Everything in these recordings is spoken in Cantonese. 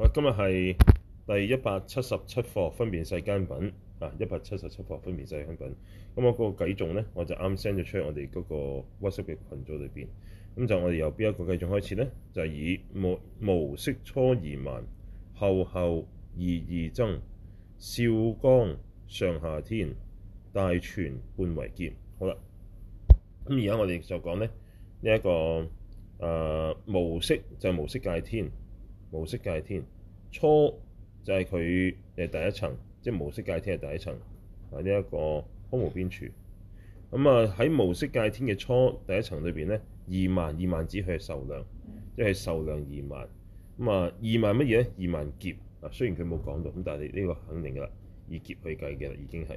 我今日係第一百七十七課分別世間品啊！一百七十七課分別世間品，咁我嗰個偈頌咧，我就啱先就出喺我哋嗰個 WhatsApp 嘅群組裏邊。咁就我哋由邊一個偈頌開始咧？就係、以無無色初二萬，後後二二增，少光上下天，大全半為劫。好啦，咁而家我哋就講咧呢一、個誒無色就無色界天。無色界天初就係佢嘅第一層，即係無色界天係第一層，係呢一個空無邊處。咁啊，喺無色界天嘅初第一層裏邊咧，二萬二萬指佢係壽量，即係壽量二萬。咁啊，二萬乜嘢咧？二萬劫啊，雖然佢冇講到，咁但係呢個肯定噶啦，以劫去計嘅啦，已經係。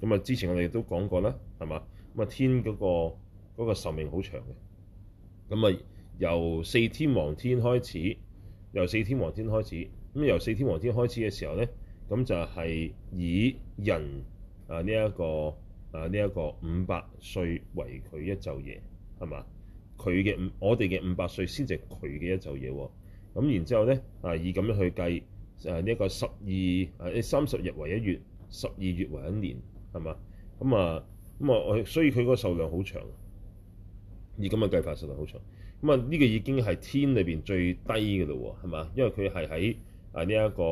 咁啊，之前我哋都講過啦，係嘛？咁啊、嗰個，天、嗰、嗰個嗰個壽命好長嘅。咁啊，由四天王天開始。由四天王天開始，咁由四天王天開始嘅時候咧，咁就係、是、以人啊呢一個啊呢一個五百歲為佢一晝夜，係嘛？佢嘅我哋嘅五百歲先至係佢嘅一晝夜喎。咁然之後咧啊，以咁樣去計啊呢一個十二啊三十日為一月，十二月為一年，係嘛？咁啊咁啊，我所以佢個壽量好長，以咁嘅計法實量好長。咁啊，呢個已經係天裏邊最低嘅嘞喎，係嘛？因為佢係喺啊呢一、這個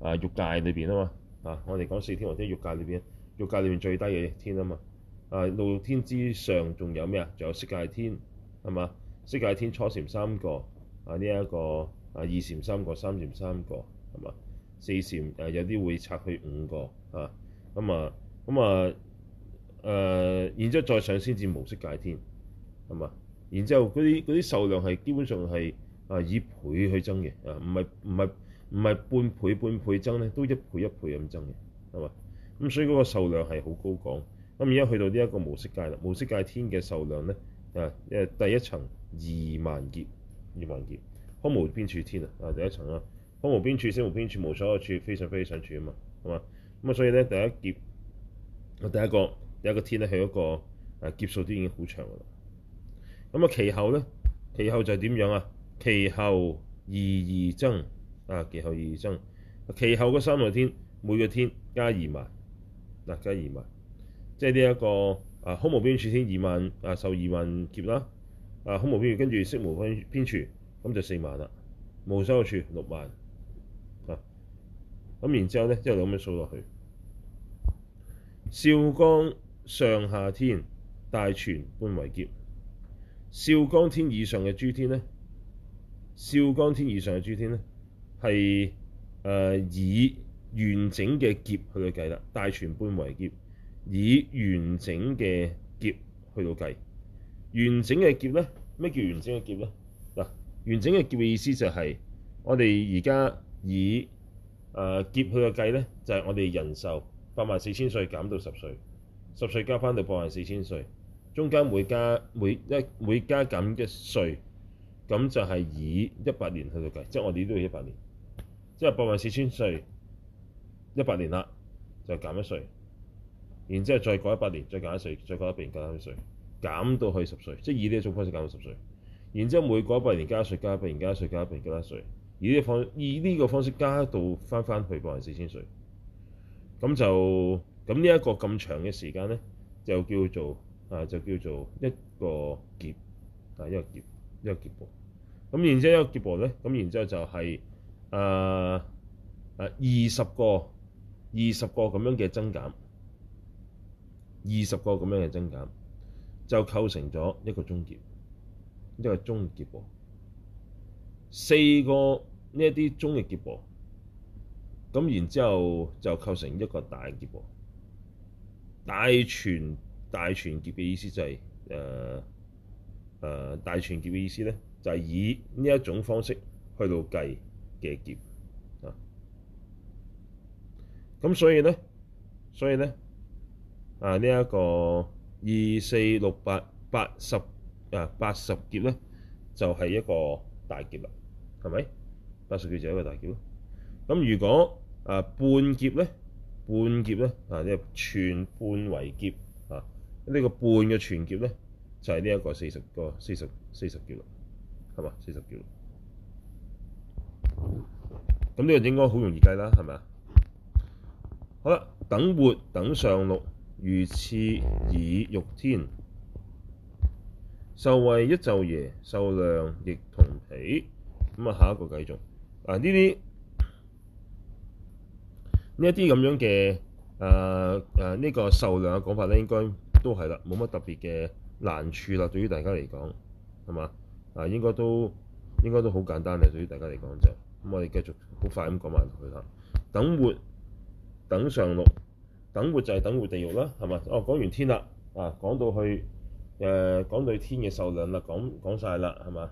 啊欲界裏邊啊嘛。啊，我哋講四天或者欲界裏邊，欲界裏邊最低嘅天啊嘛。啊，六天之上仲有咩啊？仲有色界天係嘛？色界天初禪三個啊，呢、這、一個啊二禪三個，三禪三個係嘛？四禪誒、啊、有啲會拆去五個啊。咁啊，咁啊誒，然之後再上先至無色界天係嘛？然之後嗰啲嗰啲壽量係基本上係啊，以倍去增嘅啊，唔係唔係唔係半倍半倍增咧，都一倍一倍咁增嘅，係嘛？咁所以嗰個壽量係好高講。咁而家去到呢一個無色界啦，無色界天嘅壽量咧啊，因為第一層二萬劫二萬劫，空無邊處天啊，啊第一層啊，空無邊處、識無邊處、無所有處、非常非常處啊嘛，係嘛？咁啊所以咧第一劫第一個第一個，第一個天咧，佢一個啊劫數都已經好長㗎啦。咁啊，其後咧，其後就點樣啊？其後二二增啊，其後二二增。其後嘅三個天，每個天加二萬嗱、啊，加二萬，即係呢一個啊，空無邊處天二萬啊，受二萬劫啦。啊，空無邊處，跟住色無分邊處，咁就四萬啦。無收處六萬啊，咁、啊、然之後咧，之後咁樣數落去，少光上下天大全半為劫。少光天以上嘅諸天咧，少光天以上嘅諸天咧，係誒、呃、以完整嘅劫去到計啦，大全半為劫，以完整嘅劫去到計。完整嘅劫咧，咩叫完整嘅劫咧？嗱，完整嘅劫嘅意思就係、是、我哋而家以誒、呃、劫去個計咧，就係、是、我哋人壽八萬四千歲減到十歲，十歲加翻到八萬四千歲。中間每加每一每加減一歲，咁就係以一百年去到計，即係我哋都要一百年，即係八萬四千歲一百年啦，就減一歲，然之後再過一百年再減一歲，再過一百年減一歲，減到去十歲，即係以呢一種方式減到十歲。然之後每過一百年加一歲，加一百年加一歲，加一百年加一歲，以呢方以呢個方式加到返返去八萬四千歲，咁就咁呢一個咁長嘅時間咧，就叫做。啊！就叫做一個劫，啊，一個劫，一個劫波。咁然之後一個劫波咧，咁然之後就係啊，啊二十個，二十個咁樣嘅增減，二十個咁樣嘅增減，就構成咗一個中劫，一個中劫波。四個呢一啲中嘅劫波，咁然之後就構成一個大劫，大全。大全劫嘅意思就係誒誒大全劫嘅意思咧，就係以呢一種方式去到計嘅劫啊。咁所以咧，所以咧啊，呢一個二四六八八十啊八十劫咧，就係一個大劫啦，係咪八十劫就係一個大劫咯？咁如果啊半劫咧，半劫咧啊，即係全半為劫。呢個半嘅全劫咧，就係呢一個四十個四十四十劫，係嘛？四十劫。咁呢、嗯這個應該好容易計啦，係咪啊？好啦，等活等上六，如次以欲天，壽為一晝夜，壽量亦同彼。咁、嗯、啊，下一個繼續。嗱、啊，呢啲呢一啲咁樣嘅呢、呃啊這個壽量嘅講法咧，應該。都係啦，冇乜特別嘅難處啦。對於大家嚟講，係嘛啊？應該都應該都好簡單嘅。對於大家嚟講就咁，我哋繼續好快咁講埋落去啦。等活等上六，等活就係等活地獄啦，係嘛？哦，講完天啦，啊講到去誒、呃、講到天嘅壽量啦，講講曬啦，係嘛？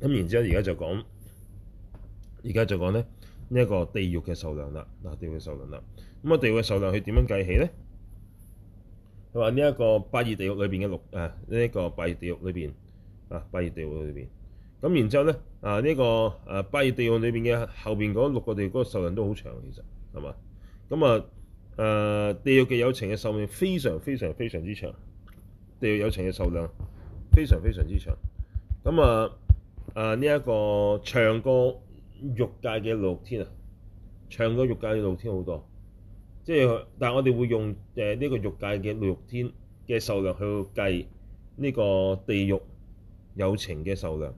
咁然之後，而家就講而家就講咧呢一、呢個地獄嘅壽量啦。嗱、啊，地獄嘅壽量啦，咁、啊、我地獄嘅壽量佢點、啊啊、樣計起咧？佢話呢一個八熱地獄裏邊嘅六誒呢一個八熱地獄裏邊啊八熱地獄裏邊咁然之後咧啊呢、這個啊八熱地獄裏邊嘅後邊嗰六個地獄嗰個壽命都好長，其實係嘛？咁啊誒地獄嘅有情嘅壽命非常非常非常之長，地獄有情嘅壽量非常非常之長。咁啊啊呢一、這個長過欲界嘅六天啊，長過欲界嘅六天好多。即係，但係我哋會用誒呢個欲界嘅六天嘅壽量去計呢個地獄有情嘅壽量。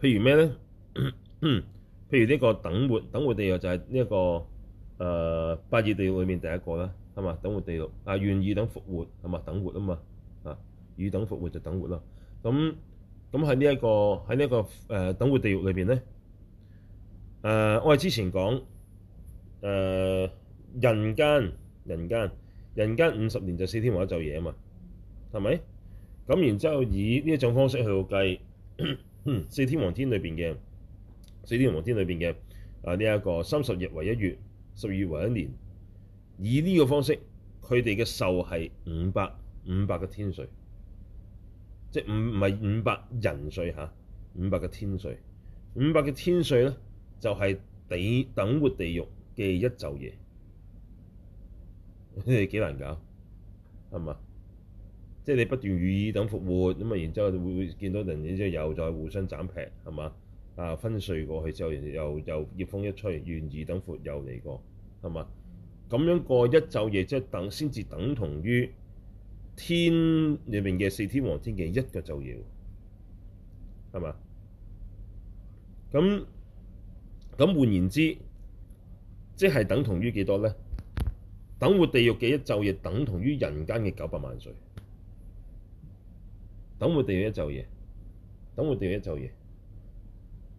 譬如咩咧？ 譬如呢個等活等活地獄就係呢一個誒八熱地獄裏面第一個啦，係嘛？等活地獄啊，願意等復活係嘛？等活啊嘛，啊，與等復活就等活啦。咁咁喺呢一個喺呢、這個誒、呃、等活地獄裏邊咧，誒、呃、我哋之前講誒。呃人間人間人間五十年就四天王一晝夜啊嘛，係咪咁？然之後以呢一種方式去到計四天王天裏邊嘅四天王天裏邊嘅啊呢一個三十日為一月，十二月為一年，以呢個方式佢哋嘅壽係五百五百嘅天歲，即係唔唔係五百人歲嚇，五百嘅天歲，五百嘅天歲咧就係地等活地獄嘅一晝夜。你哋幾難搞，係嘛？即係你不斷雨意等活，咁啊，然之後就會見到人，然之後又再互相斬劈，係嘛？啊，分碎過去之後，又又業風一吹，雨意等活又嚟過，係嘛？咁樣過一晝夜，即係等先至等同於天入面嘅四天王天嘅一個晝夜，係嘛？咁咁換言之，即係等同於幾多咧？等活地獄嘅一晝夜等同於人間嘅九百萬歲。等活地獄一晝夜，等活地獄一晝夜，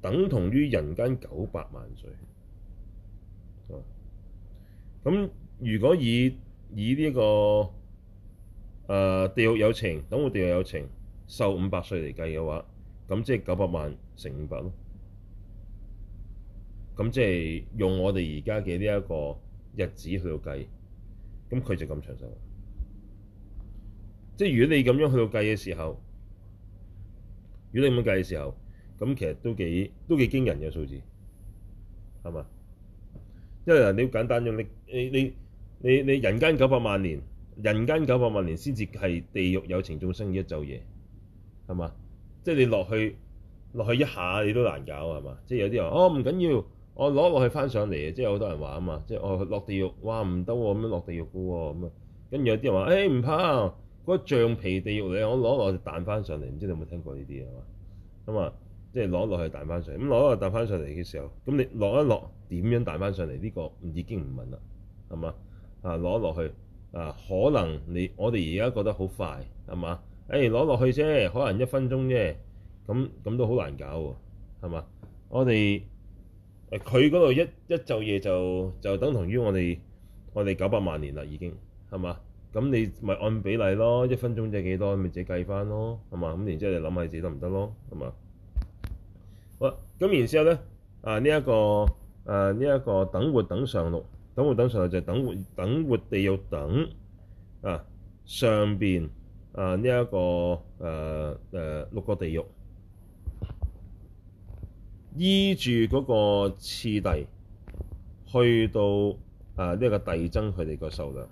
等同於人間九百萬歲。咁、嗯、如果以以呢、這、一個、呃、地獄有情，等活地獄有情，壽五百歲嚟計嘅話，咁即係九百萬乘五百咯。咁即係用我哋而家嘅呢一個日子去到計。咁佢就咁長壽，即係如果你咁樣去到計嘅時候，如果你咁計嘅時候，咁其實都幾都幾驚人嘅數字，係嘛？因、就、為、是、你簡單用你你你你你人間九百萬年，人間九百萬年先至係地獄有情眾生一晝夜，係嘛？即、就、係、是、你落去落去一下，你都難搞、就是哦、係嘛？即係有啲人哦唔緊要。我攞落去翻上嚟，即係好多人話啊嘛，即係我落地獄，哇唔得喎，咁樣落地獄嘅喎，咁啊，跟住有啲人話，誒唔怕，嗰橡皮地獄嚟，我攞落去彈翻上嚟，唔知你有冇聽過呢啲啊嘛，咁啊，即係攞落去彈翻上嚟，咁攞落去彈翻上嚟嘅時候，咁你落一落點樣彈翻上嚟？呢個已經唔問啦，係嘛？啊攞落去，啊可能你我哋而家覺得好快，係嘛？誒攞落去啫，可能一分鐘啫，咁咁都好難搞喎，係嘛？我哋。誒佢嗰度一一晝夜就就就等同於我哋我哋九百萬年啦已經係嘛？咁你咪按比例咯，一分鐘即係幾多，咪自己計翻咯係嘛？咁然之後你諗下自己得唔得咯係嘛？好啦，咁然之後咧啊呢一個啊呢一個等活等上六，等活等上六就係等活等活地獄等啊上邊啊呢一個誒誒啊啊六個地獄。依住嗰個次第去到啊呢一個遞增佢哋個數量，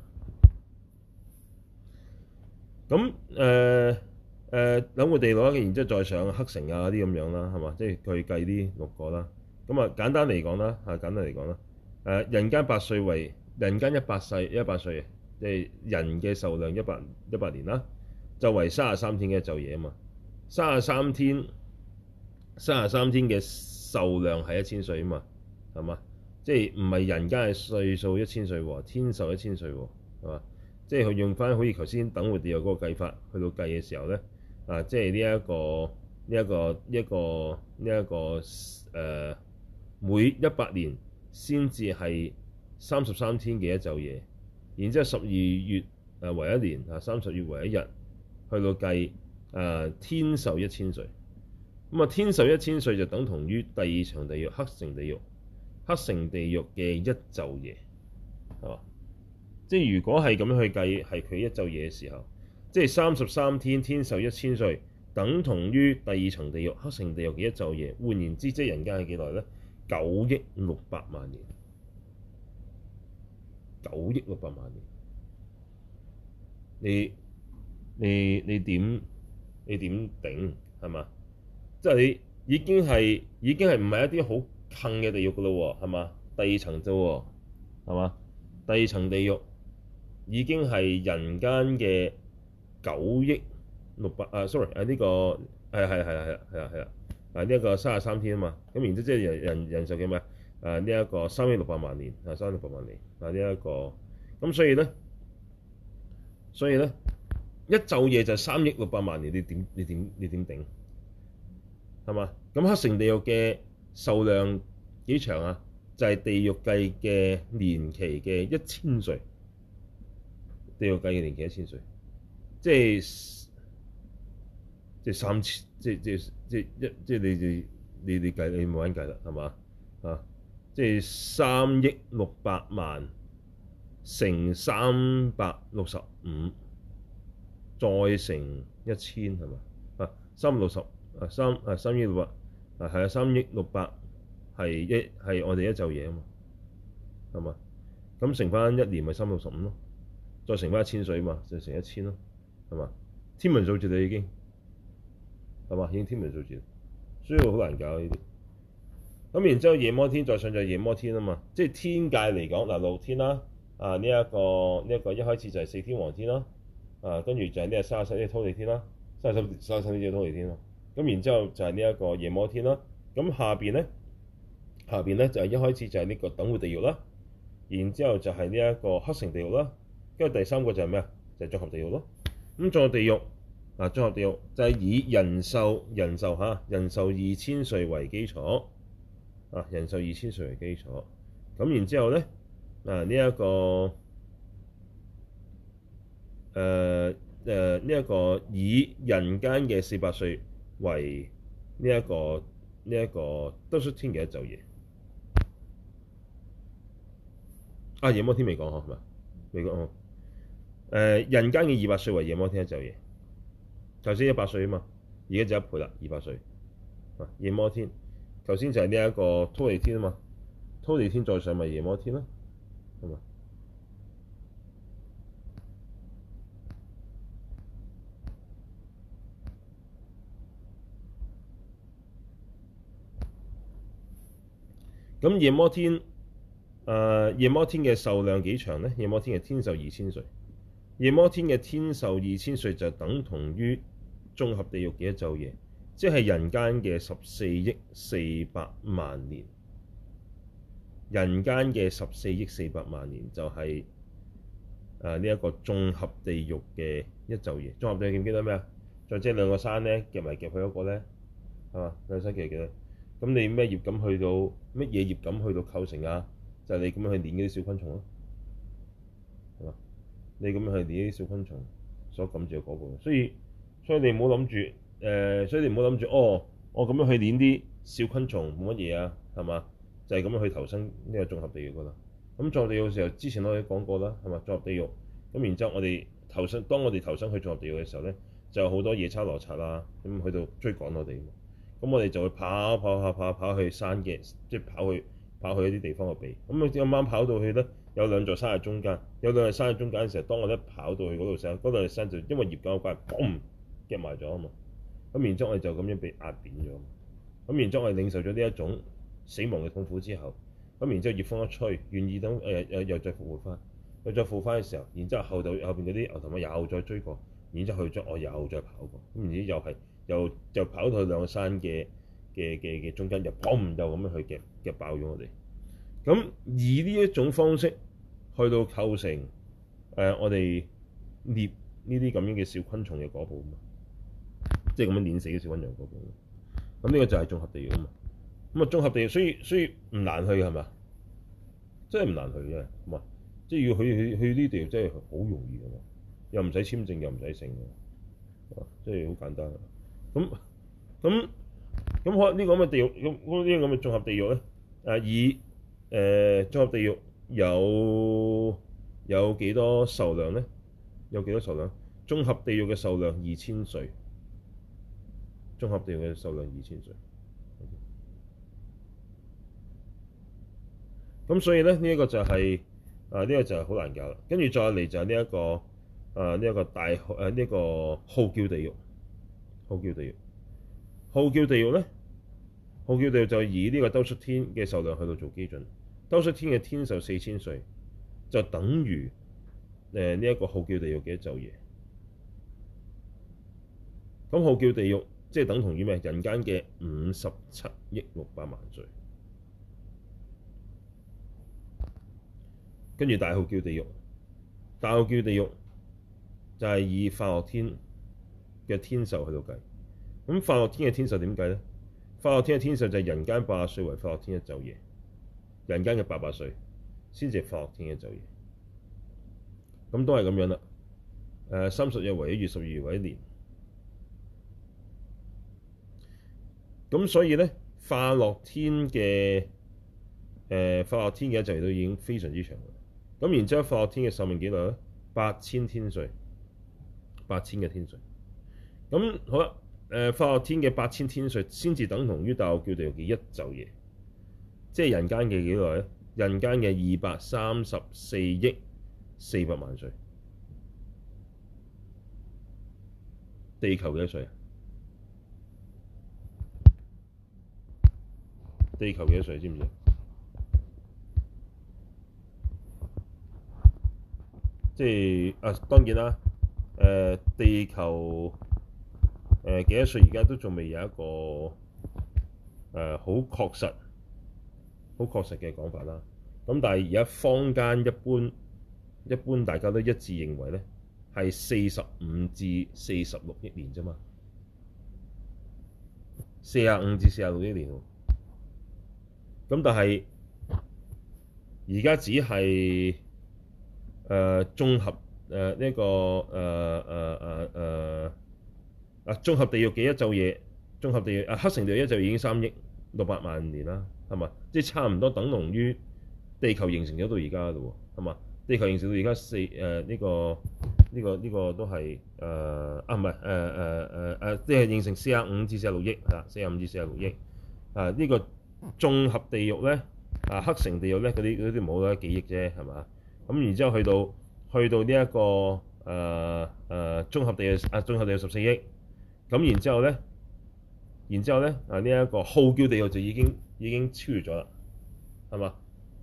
咁誒誒諗我哋攞完之後再上黑繩啊啲咁樣啦，係嘛？即係佢計啲六個啦。咁啊簡單嚟講啦，啊簡單嚟講啦。誒，啊，人間百歲為人間一百世一百歲，即係人嘅壽量一百一百年啦。就為三十三天嘅晝夜啊嘛，三十三天，三十三天嘅。壽量係一千歲啊嘛，係嘛？即係唔係人間嘅歲數一千歲喎，天壽一千歲喎，係嘛？即係佢用翻，好似頭先等活地獄嗰個計法，去到計嘅時候咧，啊，即係呢一個呢一、呢一個一、呢一個呢一、呢一個誒、呃，每一百年先至係三十三天嘅一晝夜，然之後十二月誒為一年，啊三十月為一日，去到計誒、呃、天壽一千歲。咁啊，天壽一千歲就等同於第二層地獄黑繩地獄黑繩地獄嘅一晝夜，係嘛？即係如果係咁樣去計，係佢一晝夜嘅時候，即係三十三天天壽一千歲等同於第二層地獄黑繩地獄嘅一晝夜。換言之，即係人間係幾耐呢？九億六百萬年，九億六百萬年，你你你點你點頂係嘛？即係你已經係已經係唔係一啲好近嘅地獄㗎咯喎，係嘛？第二層就喎、係，係嘛？第二層地獄已經係人間嘅九億六百啊，sorry 啊呢、呢個係係係係係係啊啊呢一個三十三天啊嘛，咁然之後即係人人人壽嘅咩啊呢一、呢個三億六百萬年啊，三億六百萬年啊呢一、呢個咁所以咧，所以咧一晝夜就係三億六百萬年，你點你點你點頂？係嘛？咁黑繩地獄嘅壽量幾長啊？就係地獄計嘅年期嘅一千歲，地獄計嘅年期一千歲，即係即係三千，即係即係即係一，即係你哋你哋計你冇揾計啦，係嘛？啊，即係三億六百萬乘三百六十五，再乘一千係嘛？啊，三六十啊，三啊，三億六百啊，係啊，三億六百係一係我哋一晝嘢啊嘛，係嘛？咁乘翻一年咪三六十五咯，再乘翻一千水啊嘛，就乘一千咯，係嘛？天文數字，你已經係嘛，已經天文數字，所以好難搞呢啲咁。然之後夜摩天再上就夜摩天啊嘛，即係天界嚟講嗱，六天啦啊，呢一、啊這個呢一、這個一開始就係四天王天啦啊，跟住就係啲啊沙沙啲通地天啦，沙沙沙沙通地天啊。啊咁然之後就係呢一個夜魔天啦。咁下邊咧，下邊咧就係一開始就係呢個等活地獄啦。然之後就係呢一個黑繩地獄啦。跟住第三個就係咩啊？就係、是、眾合地獄咯。咁眾合地獄啊，眾合地獄就係以人壽人壽嚇人壽二千歲為基礎啊，人壽二千歲為基礎。咁然之後咧啊，呢、這、一個誒誒呢一個以人間嘅四百歲。為呢、這個這個、一個呢一個都出天嘅一晝夜？啊，夜摩天未講喎，係咪？未講喎。誒、呃，人間嘅二百歲為夜摩天一晝夜。頭先一百歲啊嘛，而家就一倍啦，二百歲。啊，夜摩天。頭先就係呢一個忉利天啊嘛，忉利天再上咪夜摩天咯，係咪？咁夜摩天，誒、呃、夜摩天嘅壽量幾長咧？夜摩天嘅天壽二千歲，夜摩天嘅天壽二千歲就等同於眾合地獄嘅一晝夜？即係人間嘅十四億四百萬年，人間嘅十四億四百萬年就係誒呢一個眾合地獄嘅一晝夜。眾合地獄你記唔記得咩啊？再即兩個山咧夾埋夾去嗰個咧，係、啊、嘛？兩個星期幾多？咁你咩業感去到乜嘢業感去到構成啊？就係、是、你咁樣去碾啲小昆蟲咯，係嘛？你咁樣去碾啲小昆蟲所構住嗰個，所以所以你唔好諗住誒，所以你唔好諗住哦，我咁樣去碾啲小昆蟲冇乜嘢啊，係嘛？就係、是、咁樣去投身呢個眾合地獄噶啦。咁眾合地獄嘅時候，之前我哋講過啦，係嘛？眾合地獄咁然之後我，我哋投身當我哋投身去眾合地獄嘅時候咧，就有好多夜叉羅剎啦，咁去到追趕我哋。咁我哋就會跑跑跑跑跑去山嘅，即係跑去跑去一啲地方嘅避。咁啊啱啱跑到去咧，有兩座山喺中間，有兩座山喺中間嘅時候，當我一跑到去嗰度時候，嗰度山就因為業感嘅關係嘣夾埋咗啊嘛。咁然之後我哋就咁樣被壓扁咗。咁然之後我哋領受咗呢一種死亡嘅痛苦之後，咁然之後熱風一吹，願意等誒又，又，又再復活翻，又再復翻嘅時候，然之後後到後面嗰啲牛頭馬面又再追過，然之後去咗，我又再跑過，咁然之又係。又就跑到兩山嘅嘅嘅嘅中間，又唔就咁樣去夾爆咗我哋。咁以呢一種方式去到構成誒、呃，我哋捏呢啲咁樣嘅小昆蟲嘅嗰部嘛，即係咁樣碾死嘅小昆蟲嗰部，咁呢個就係眾合地獄啊嘛。咁啊，眾合地獄所以所以唔難去係嘛？真係唔難去嘅，唔即係要去去去呢啲地獄，真係好容易嘅嘛。又唔使簽證，又唔使剩，即係好簡單。咁咁咁可能呢個咁嘅地獄，咁嗰啲咁嘅眾合地獄咧？誒，以誒、呃、眾合地獄有有幾多壽量咧？有幾多壽量，量？眾合地獄嘅壽量二千歲，眾合地獄嘅壽量二千歲。咁所以咧，呢、這、一個就係、是、啊，呢、呃這個就係好難搞啦。跟住再嚟就係呢一個啊，呢、呃、一、這個大誒呢、呃這個號叫地獄。號叫地獄，號叫地獄咧，號叫地獄就以呢個兜率天嘅壽量去到做基準，兜率天嘅天壽四千歲，就等於誒呢一個號叫地獄嘅一晝夜。咁號叫地獄即係、就是、等同於咩？人間嘅五十七億六百萬歲，跟住大號叫地獄，大號叫地獄就係以化樂天。嘅天壽喺度計，咁化樂天嘅天壽點計咧？化樂天嘅天壽就係人間八百歲為化樂天嘅晝夜，人間嘅八百歲先至化樂天嘅晝夜，咁都係咁樣啦。誒，三十日為一月，十二月為一年。咁所以咧，化樂天嘅誒化樂天嘅晝夜都已經非常之長。咁然之後樂，化樂天嘅壽命幾耐咧？八千天歲，八千嘅天歲。咁好啦，誒、呃，化樂天嘅八千天歲先至等同於大號叫地獄嘅一晝夜，即係人間嘅幾耐咧？人間嘅二百三十四億四百萬歲，地球幾多歲啊？地球幾多歲？知唔知即係啊，當然啦，誒、呃，地球。誒、呃、幾多歲？而家都仲未有一個誒好、呃、確實、好確實嘅講法啦。咁、嗯、但係而家坊間一般一般大家都一致認為咧，係四十五至四十六億年啫嘛，四十五至四十六億年喎。咁、嗯、但係而家只係誒、呃、綜合誒呢、呃這個誒誒誒誒。呃呃呃呃啊！眾合地獄幾一晝夜？眾合地獄啊，黑繩地獄一晝已經三億六百萬年啦，係嘛？即、就、係、是、差唔多等同於地球形成咗到而家嘅喎，係嘛？地球形成到而家四誒呢、呃這個呢、這個呢、這個都係誒、呃、啊唔係誒誒誒誒，即係、呃呃呃呃呃、形成四十五至四十六億係四十五至四十六億啊！呢、這個眾合地獄咧啊，黑繩地獄咧嗰啲嗰啲冇得幾億啫，係嘛？咁、嗯、然之後去到去到呢、這、一個誒誒眾合地獄啊，眾合地獄十四億。咁然之後咧，然之後咧，啊呢一個號叫地獄就已經已經超越咗啦，係嘛？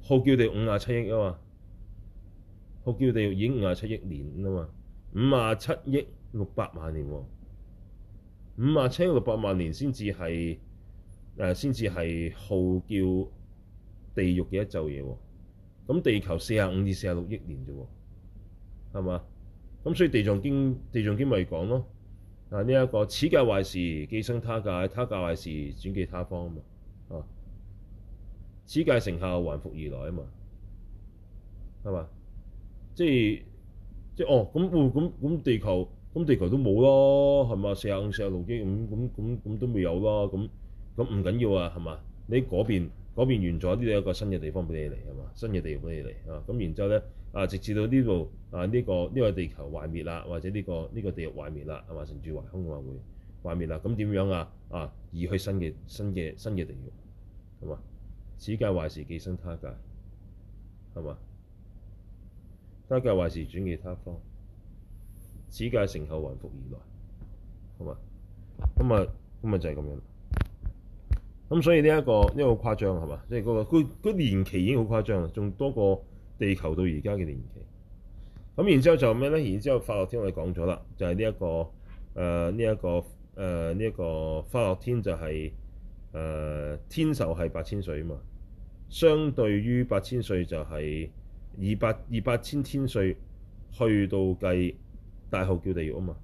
號叫地獄五十七億啊嘛，號叫地獄已經五十七億年啊嘛，五十七億六百萬年喎，五十七億六百萬年先至係誒先至係號叫地獄嘅一晝夜喎，咁地球四十五至四十六億年啫喎，係嘛？咁所以地藏經地藏經咪講咯。嗱，呢一個此界壞時寄生他界，他界壞時轉寄他方啊嘛，啊此界成時還復而來啊嘛，係嘛？即係即係哦咁，咁咁地球咁地球都冇咯，係嘛？四啊五、四啊六億咁咁咁咁都未有咯，咁咁唔緊要啊，係嘛？你嗰邊嗰邊完咗，啲有個新嘅地方俾你嚟，係嘛？新嘅地方俾你嚟啊，咁然之後咧。啊！直至到呢度啊，呢、這個呢、這個地球壞滅啦，或者呢、這個呢、這個地獄壞滅啦，係嘛？成住壞空嘅話會壞滅啦，咁點樣啊？啊，移去新嘅新嘅新嘅地獄，係嘛？此界壞時寄生他界，係嘛？他界壞時轉寄他方，此界成後還復而來，係嘛？咁啊咁啊就係咁樣。咁所以呢、這、一個呢、這個好誇張係嘛？即係嗰個佢佢年期已經好誇張，仲多過。地球到而家嘅年期，咁然之後就咩咧？然之後化樂天我哋講咗啦，就係呢一個誒呢一個誒呢一個化樂天就係、是、誒、呃、天壽係八千歲啊嘛，相對於八千歲就係二百、二八千天歲去到計大號叫地獄啊嘛，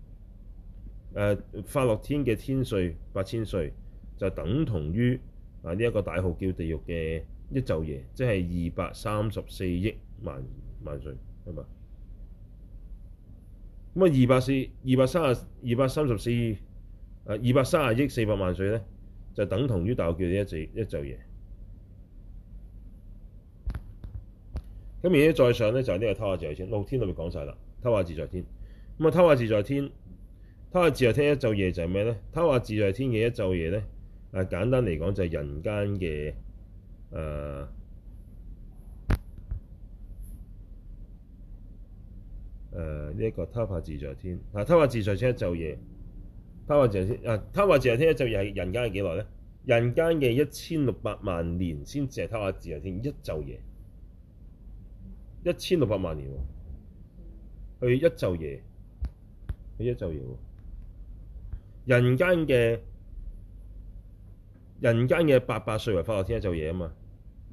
誒化樂天嘅天歲八千歲就等同於啊呢一個大號叫地獄嘅。一晝夜即係二百三十四億萬萬歲係嘛？咁啊二百四二百三啊二百三十四億二百卅億四百萬歲咧，就等同於大號叫嘅一晝一晝夜。咁而啲再上咧就係呢個他化自在天，六天都未講晒啦。他化自在天，咁啊他化自在天，他化自在天一晝夜就係咩咧？他化自在天嘅一晝夜咧啊，簡單嚟講就係人間嘅。誒誒，呢一、呃呃這個他化自在天，嗱他化自在天一晝夜，他化自在天啊，他化自在天一晝夜係人間係幾耐咧？人間嘅一千六百萬年先至係他化自在天一晝夜，一千六百萬年喎，佢一晝夜，佢一晝夜喎，人間嘅。人間嘅八百歲為化樂天一晝夜啊嘛，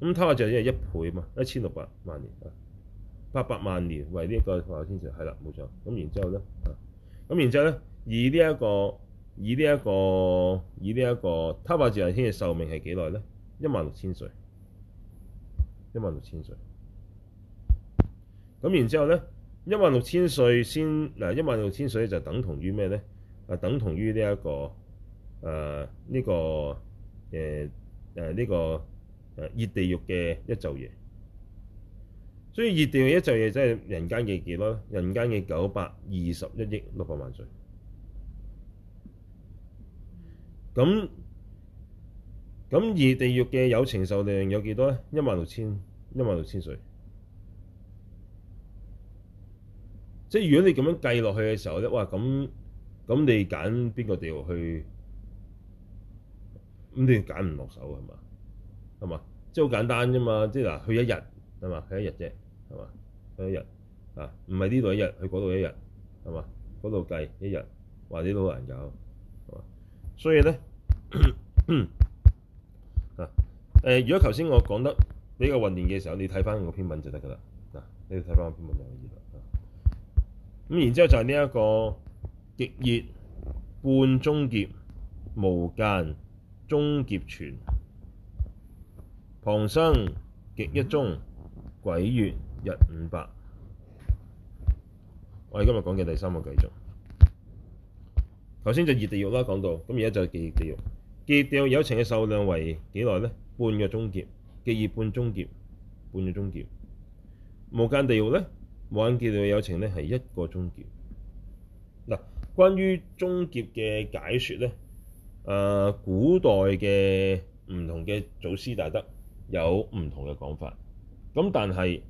咁他化自在就係一倍啊嘛，一千六百萬年啊，八百萬年為呢一個化樂天壽，係啦冇錯。咁然之後咧，咁然之後咧，以呢、這、一個，以呢、這、一個，以呢一個，他化自在天嘅壽命係幾耐咧？一萬六千歲，一萬六千歲。咁然之後咧，一萬六千歲先，啊一萬六千歲就等同於咩咧？啊等同於呢、這、一個，誒、呃、呢、這個。誒誒呢個誒、啊、熱地獄嘅一晝夜，所以熱地獄一晝夜即係人間嘅幾多？人間嘅九百二十一億六百萬歲，咁咁熱地獄嘅有情壽量有幾多咧？一萬六千一萬六千歲，即係如果你咁樣計落去嘅時候咧，哇！咁咁你揀邊個地獄去？咁你揀唔落手係、就是、嘛？係、就、嘛、是？即係好簡單啫嘛！即係嗱，去一日係嘛？去一日啫係嘛？去一日啊，唔係呢度一日，去嗰度一日係嘛？嗰度計一日，或者都好難搞係嘛？所以咧嗱誒，如果頭先我講得比較混亂嘅時候，你睇翻我篇文就得㗎啦。嗱、啊，你睇翻我篇文就可以啦。咁、啊嗯、然之後就係呢一個極熱半中劫無間中劫全，傍生極一中，鬼月日五百。我哋今日講嘅第三個偈頌，頭先就熱地獄啦，講到咁，而家就係極熱地獄。極熱地獄有情嘅壽量為幾耐咧？半個中劫，極熱半中劫，半個中劫。無間地獄咧，無間地獄有情咧，係一個中劫。嗱，關於中劫嘅解說咧。誒，古代嘅唔同嘅祖師大德有唔同嘅講法，咁但係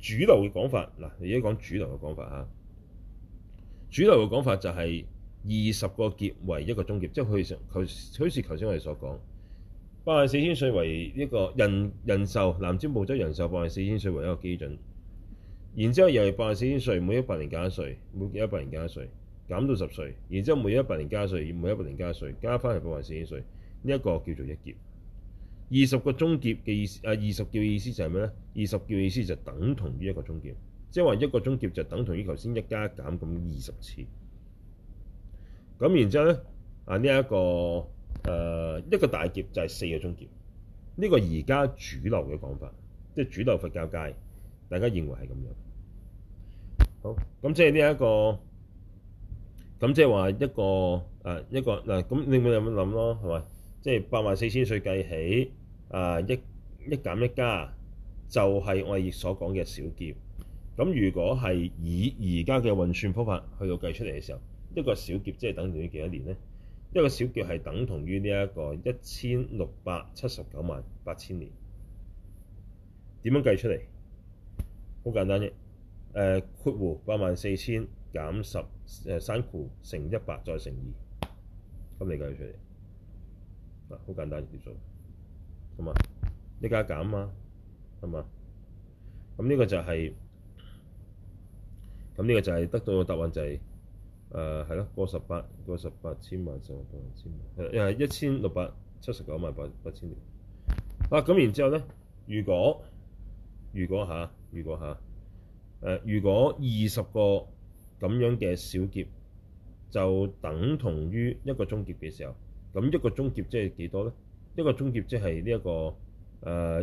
主流嘅講法嗱，而家講主流嘅講法吓，主流嘅講法就係二十個劫為一個中劫，即係佢成佢好似頭先我哋所講，八萬四千歲為一個人人壽，南瞻部洲人壽八萬四千歲為一個基準，然之後又係八萬四千歲，每一百年加一歲，每一百年加一歲。減到十歲，然之後每一百年加歲，每一百年加歲，加翻係八萬四千歲。呢、這、一個叫做一劫。二十個中劫嘅意思啊，二十嘅意思就係咩咧？二十嘅意思就等同於一個中劫，即係話一個中劫就等同於頭先一加一減咁二十次。咁然之後咧啊，呢、這、一個誒、呃、一個大劫就係四個中劫。呢、這個而家主流嘅講法，即係主流佛教界大家認為係咁樣。好，咁即係呢一個。咁即係話一個誒、啊、一個嗱，咁你咪有咁諗咯，係咪？即係八萬四千歲計起，啊一一減一加，就係、是、我哋所講嘅小劫。咁如果係以而家嘅運算方法去到計出嚟嘅時候，一、這個小劫即係等於幾多年咧？一、這個小劫係等同於呢一個一千六百七十九萬八千年。點樣計出嚟？好簡單啫。誒括弧八萬四千減十。誒，山庫乘一百再乘二，咁你計出嚟嗱，好簡單啲數，咁啊，一加減啊，咁啊，咁呢個就係、係，咁呢個就係得到嘅答案就係、係，誒係咯，過十八，過十八千萬，上半日千萬，誒一千六百七十九萬八八千六，啊咁然之後咧，如果如果嚇，如果嚇，誒如果二十個。咁樣嘅小劫就等同於一個中劫嘅時候，咁一個中劫即係幾多咧？一個中劫即係呢一個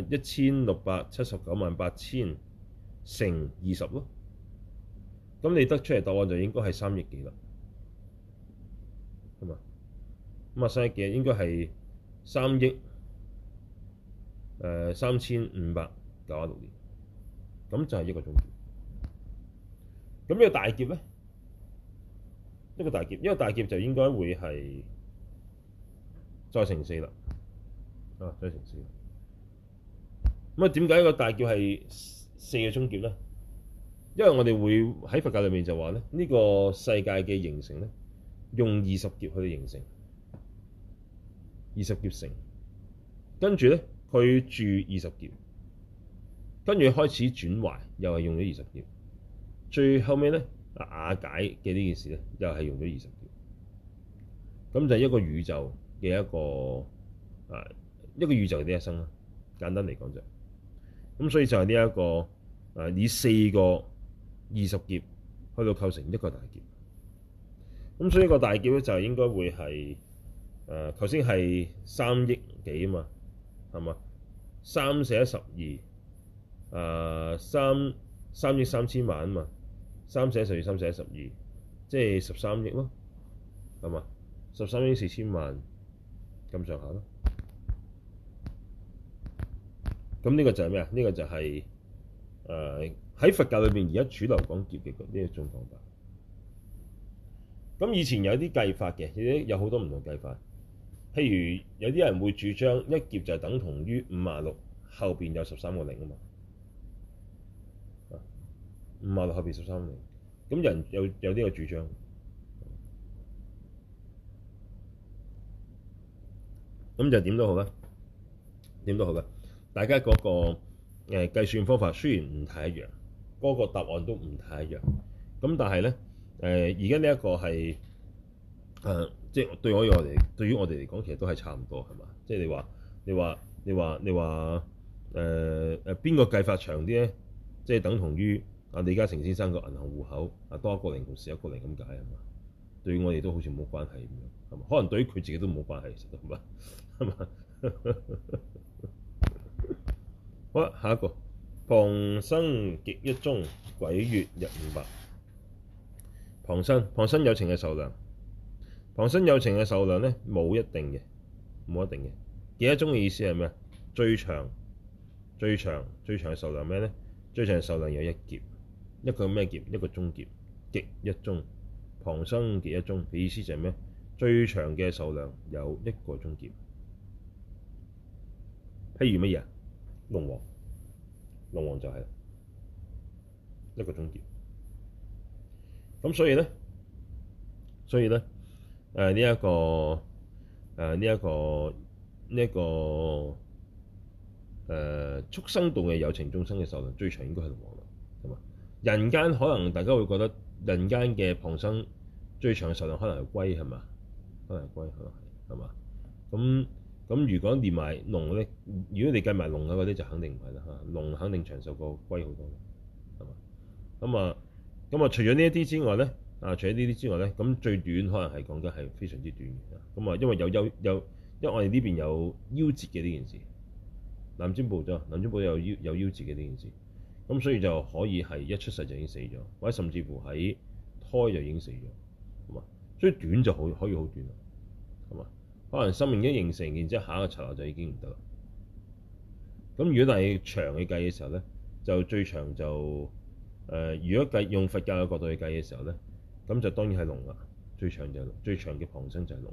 誒一千六百七十九萬八千乘二十咯，咁你得出嚟答案就應該係三億幾啦，係嘛？咁啊，三億幾應該係三億誒三千五百九十六年，咁就係一個中劫。咁呢個大劫咧，呢個大劫，呢個大劫就應該會係再乘四啦，啊，再乘四啦。咁啊，點解個大劫係四個終結咧？因為我哋會喺佛教裏面就話咧，呢個世界嘅形成咧，用二十劫去到形成，二十劫成，跟住咧佢住二十劫，跟住開始轉壞，又係用咗二十劫。最後尾咧，瓦解嘅呢件事咧，又係用咗二十劫，咁就係一個宇宙嘅一個、呃、一個宇宙嘅一生啊？簡單嚟講就，咁所以就係呢一個啊、呃，以四個二十劫去到構成一個大劫，咁所以呢個大劫咧就應該會係誒頭先係三億幾啊嘛，係、呃、嘛？三四一十二，三三億三千萬啊嘛。三四一十二，三四一十二，即係十三億咯，咁啊，十三億四千萬咁上下咯。咁呢個就係咩啊？呢個就係誒喺佛教裏邊而家主流講劫嘅呢一種講法。咁以前有啲計法嘅，有有好多唔同計法。譬如有啲人會主張一劫就等同於五萬六後邊有十三個零啊嘛。五萬六後邊十三年，咁人有有呢個主張，咁就點都好啦，點都好啦。大家嗰、那個誒、呃、計算方法雖然唔太一樣，嗰、那個答案都唔太一樣。咁但係咧誒，而家呢一個係誒，即、呃、係、就是、對我哋嚟，對於我哋嚟講，其實都係差唔多係嘛？即係、就是、你話你話你話你話誒誒邊個計法長啲咧？即、就、係、是、等同於。啊！李嘉誠先生個銀行戶口啊，多一個零同少一個零咁解啊嘛。對於我哋都好似冇關係咁樣，係嘛？可能對於佢自己都冇關係，其實係嘛？ 好啦，下一個，旁生極一中，鬼月日五百。旁生旁生有情嘅壽量，旁生有情嘅壽量咧冇一定嘅，冇一定嘅。幾多中嘅意思係咩？最長最長最長壽量咩咧？最長壽量，量有一劫。一個咩劫？一個中劫，極一中，旁生極一中。嘅意思就係咩？最長嘅壽量有一個中劫。譬如乜嘢啊？龍王，龍王就係一個中劫。咁所以咧，所以咧，誒呢一個，誒呢一個，呢一個，誒畜生道嘅有情眾生嘅壽量最長應該係龍王。人間可能大家會覺得人間嘅旁生最長嘅壽量可能係龜，係嘛？可能係龜，可能係，係嘛？咁咁，如果連埋龍咧，如果你計埋龍嘅嗰啲就肯定唔係啦，嚇，龍肯定長壽過龜好多嘅，係嘛？咁啊咁啊，除咗呢一啲之外咧，啊除咗呢啲之外咧，咁最短可能係講緊係非常之短嘅，咁啊因為有夭有，有，因為我哋呢邊有夭折嘅呢件事，南贍部都南贍部有夭有夭折嘅呢件事。咁所以就可以係一出世就已經死咗，或者甚至乎喺胎就已經死咗，好嘛？所以短就好，可以好短啊，咁啊，可能生命一形成，然之後下一個策略就已經唔得。咁如果但係長去計嘅時候咧，就最長就誒、呃，如果計用佛教嘅角度去計嘅時候咧，咁就當然係龍啦，最長就最長嘅旁生就係龍。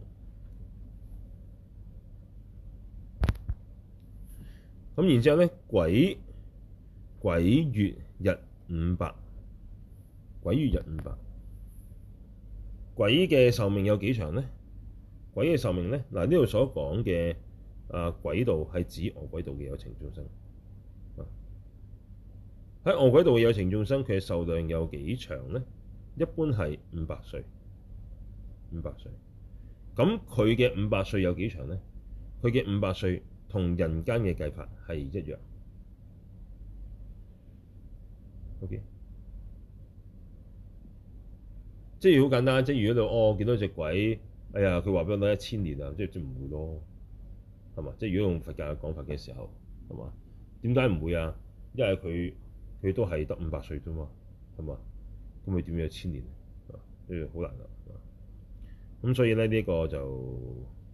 咁然之後咧，鬼。鬼月日五百，鬼月日五百，鬼嘅壽命有幾長呢？鬼嘅壽命呢？嗱呢度所講嘅啊，鬼道係指餓鬼道嘅有情眾生啊，喺餓鬼道嘅有情眾生，佢嘅壽量有幾長呢？一般係五百歲，五百歲。咁佢嘅五百歲有幾長呢？佢嘅五百歲同人間嘅計法係一樣。Okay. 即係好簡單，即係如果你哦我見到隻鬼，哎呀，佢話俾我睇一千年啊，即係即唔會咯，係嘛？即係如果用佛教嘅講法嘅時候，係嘛？點解唔會啊？因為佢佢都係得五百歲啫嘛，係嘛？咁佢點有千年啊？呢個好難啊！咁所以咧呢個就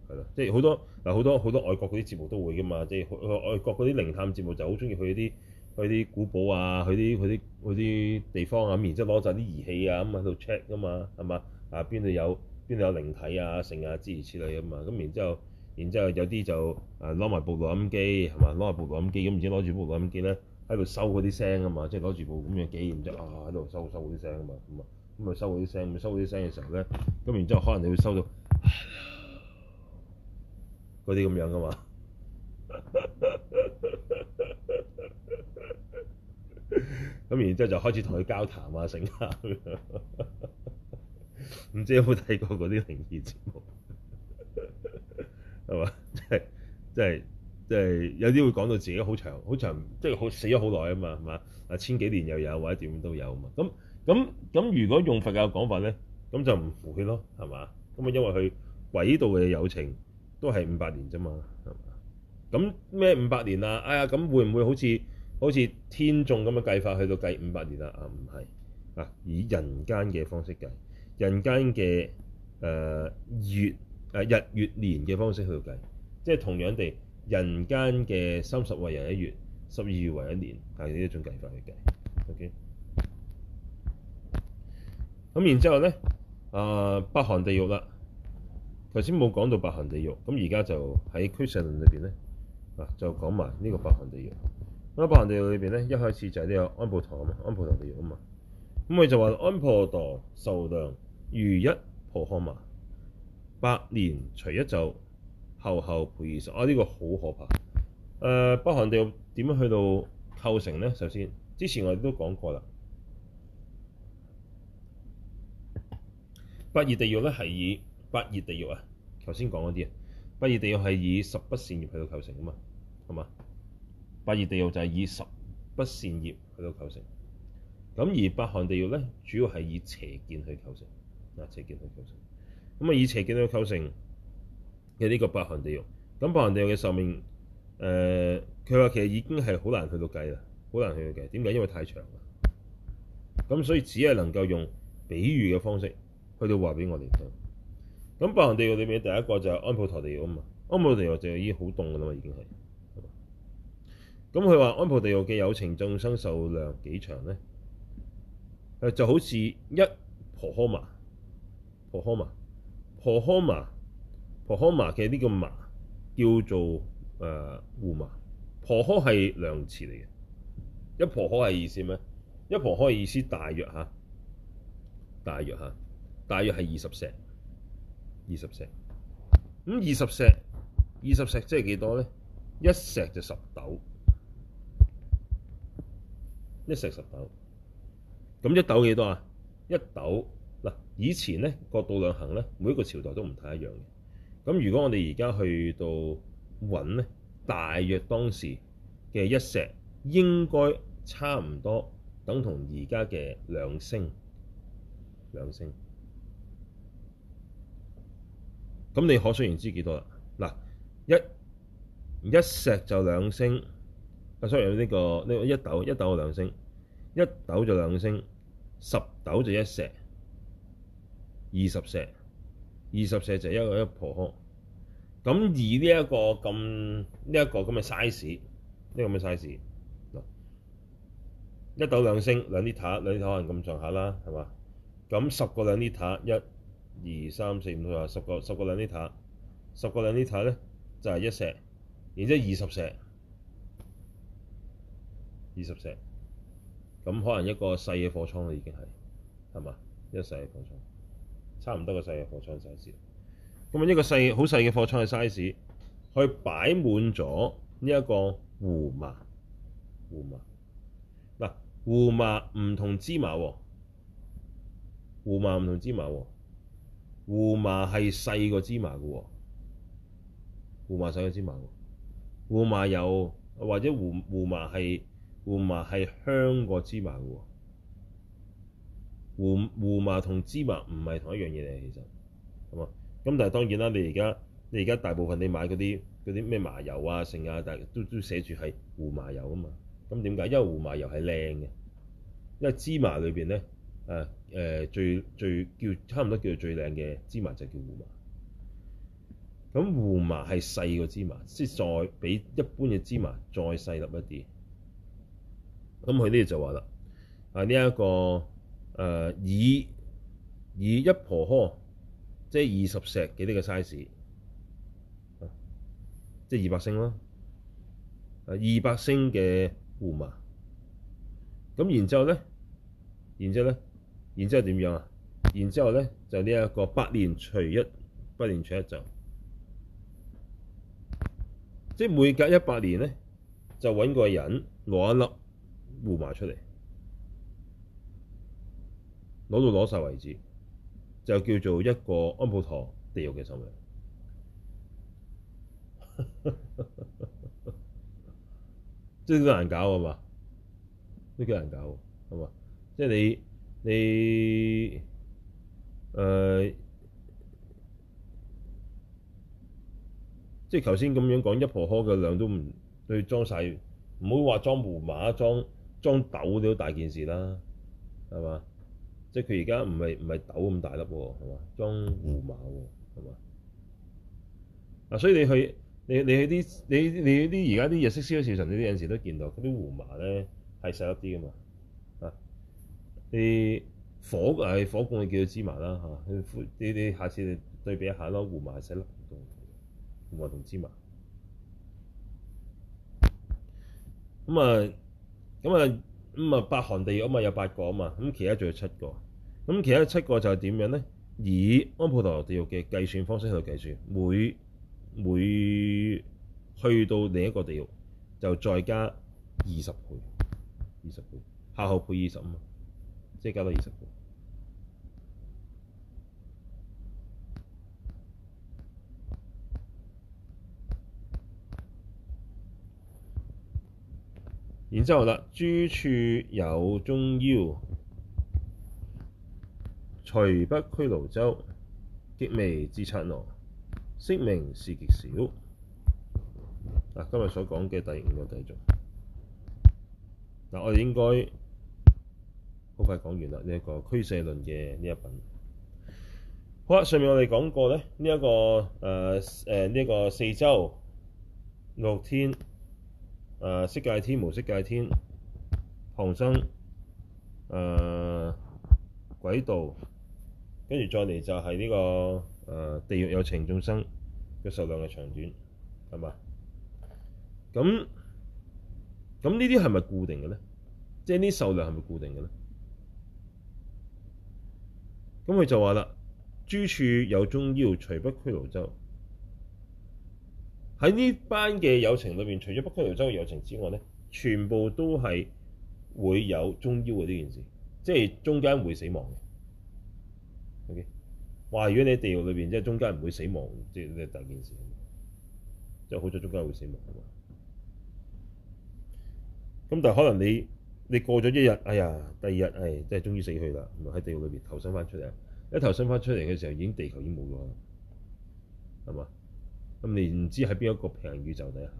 係啦，即係好多嗱好多好多外國嗰啲節目都會噶嘛，即係外國嗰啲靈探節目就好中意去啲。去啲古堡啊，去啲去啲啲地方啊，咁然之後攞晒啲儀器啊，咁喺度 check 噶嘛，係嘛？啊邊度有邊度有靈體啊、剩啊之類此類啊嘛，咁然之後，然之後有啲就誒攞埋部錄音機係嘛，攞埋部錄音機咁，唔知攞住部錄音機咧喺度收嗰啲聲啊嘛，即係攞住部咁樣機，然之後啊，喺度收收嗰啲聲啊嘛，咁啊咁啊收嗰啲聲，收嗰啲聲嘅時候咧，咁然之後可能你會收到嗰啲咁樣嘅嘛。 咁然之後就開始同佢交談啊、成啊，唔知有冇睇過嗰啲靈異節目，係嘛？即係即係即係有啲會講到自己好長、好長，即係好死咗好耐啊嘛，係嘛？啊千幾年又有，或者點都有啊嘛。咁咁咁，如果用佛教嘅講法咧，咁就唔符佢咯，係嘛？咁啊，因為佢鬼道嘅有情都係五百年啫嘛，係嘛？咁咩五百年啊？哎呀，咁會唔會好似？好似天眾咁嘅計法，去到計五百年啦。啊，唔係啊，以人間嘅方式計，人間嘅誒、呃、月誒、啊、日月年嘅方式去計，即係同樣地，人間嘅三十為人一月，十二月為一年，係呢一種計法去計。OK，咁然之後咧，啊，北韓地獄八寒地獄啦，頭先冇講到八寒地獄，咁而家就喺《俱舍論》裏邊咧，嗱就講埋呢個八寒地獄。八寒地獄裏邊咧，一開始就係呢個頞部陀啊嘛，頞部陀地獄啊嘛。咁佢就話：頞部陀壽量如一婆訶麻，百年除一晝後後倍二十。啊！呢、呢個好可怕。誒、呃，八寒地獄點樣去到構成咧？首先，之前我哋都講過啦。八熱地獄咧係以八熱地獄啊，頭先講嗰啲啊，八熱地獄係以十不善業去到構成噶嘛，係嘛？八熱地獄就係以十不善業去到構成，咁而八寒地獄咧，主要係以邪見去構成嗱，邪見去構成，咁啊以邪見去構成嘅呢、就是、個八寒地獄，咁八寒地獄嘅壽命誒，佢、呃、話其實已經係好難去到計啦，好難去到計，點解？因為太長啦，咁所以只係能夠用比喻嘅方式去到話俾我哋聽。咁八寒地獄裏面第一個就係頞部陀地獄啊嘛，頞部陀地獄就已經好凍噶啦嘛，已經係。咁佢話頞部地獄嘅有情眾生壽量幾長咧？誒，就好似一婆訶麻，婆訶麻，婆訶麻，婆訶麻嘅呢個麻叫做誒胡麻。婆訶係量詞嚟嘅，一婆訶係意思咩？一婆訶嘅意思大約吓，大約吓，大約係二十石，二十石。咁二十石，二十石即係幾多咧？一石就十斗。一石十斗，咁一斗幾多啊？一斗嗱，以前咧個度量衡咧，每一個朝代都唔太一樣嘅。咁如果我哋而家去到揾咧，大約當時嘅一石應該差唔多等同而家嘅兩升兩升。咁你可想而知幾多啦？嗱，一一石就兩升。咁所以呢個呢、這個一斗，一斗就兩升，一斗就兩升，十斗就一石，二十石，二十石就一個一婆。訶、這個。咁而呢一個咁呢一個咁嘅 size，呢咁嘅 size，一斗兩升，兩啲塔兩啲塔可能咁上下啦，係嘛？咁十個兩啲塔，一、二、三、四、五、六、十個十個兩啲塔，十個兩啲塔咧就係一石，然之後二十石。二十石，咁可能一個細嘅貨倉已經係，係嘛，一個細嘅貨倉差唔多，個細嘅貨倉 size。咁啊一個細好細嘅貨倉嘅 size 可以擺滿咗呢一個胡麻胡麻，嗱，胡麻唔同芝麻喎，胡麻唔同芝麻喎，胡麻係細過芝麻嘅喎，胡麻細過芝麻喎，胡麻有或者胡胡麻係。胡麻係香過芝麻嘅喎，胡胡麻同芝麻唔係同一樣嘢嚟。其實咁啊，咁但係當然啦。你而家你而家大部分你買嗰啲嗰啲咩麻油啊、剩啊，但係都都寫住係胡麻油啊嘛。咁點解？因為胡麻油係靚嘅，因為芝麻裏邊咧誒誒最最叫差唔多叫做最靚嘅芝麻就叫胡麻。咁胡麻係細過芝麻，即係再比一般嘅芝麻再細粒一啲。咁佢呢度就話啦，啊呢一個誒、呃、以以一婆呵，即係二十石嘅呢個 size，啊，即係二百升咯，啊，二百升嘅胡麻。咁然之後咧，然之後咧，然之後點樣啊？然之後咧就呢一個百年除一，百年除一就，即係每隔一百年咧就揾個人攞一粒。胡麻出嚟，攞到攞晒為止，就叫做一個頞部陀地獄嘅壽命，即係都難搞啊嘛、呃就是，都幾難搞好嘛？即係你你誒，即係頭先咁樣講一婆訶嘅量都唔對，裝晒，唔好話裝胡麻裝。裝豆都大件事啦，係嘛？即係佢而家唔係唔係豆咁大粒喎，係嘛？裝胡麻喎，係嘛？嗱，所以你去你你去啲你你啲而家啲日式燒烤市場，你有陣時都見到嗰啲胡麻咧係細粒啲噶嘛？啊，你火誒火罐叫芝麻啦嚇，你你下次你對比一下咯，胡麻細粒同胡麻同芝麻，咁啊。咁啊，咁啊、嗯、八寒地獄啊嘛，有八個啊嘛，咁其他仲有七個，咁其他七個就係點樣咧？以頞部陀地獄嘅計算方式去計算，每每去到另一個地獄，就再加二十倍，二十倍，後後倍二十五，即係加多二十倍。然之後啦，諸處有中夭，除北俱盧洲，極微字剎那，色名時極少。嗱、啊，今日所講嘅第五個繼續。嗱、啊，我哋應該好快講完啦。呢、這個、一個《俱舍論》嘅呢一品。好啦、啊，上面我哋講過咧，呢、這、一個誒誒呢一個四洲六天。誒色界天、無色界天、旁生、誒、呃、鬼道，跟住再嚟就係呢、這個誒、呃、地獄有情眾生嘅壽量嘅長短，係嘛？咁咁呢啲係咪固定嘅咧？即係呢啲壽量係咪固定嘅咧？咁佢就話啦，諸處有中夭，除北俱盧洲。喺呢班嘅有情裏面，除咗北俱盧洲嘅有情之外咧，全部都係會有中夭嘅呢件事，即係中間會死亡嘅。O、OK? K，哇！如果你喺地獄裏邊，即係中間唔會死亡，即係第一件事，即係好在中間會死亡。咁但係可能你你過咗一日，哎呀，第二日，哎，即係終於死去啦，咁喺地獄裏邊投生翻出嚟，一投生翻出嚟嘅時候，已經地球已經冇咗啦，係嘛？咁你唔知喺邊一個平行宇宙底下，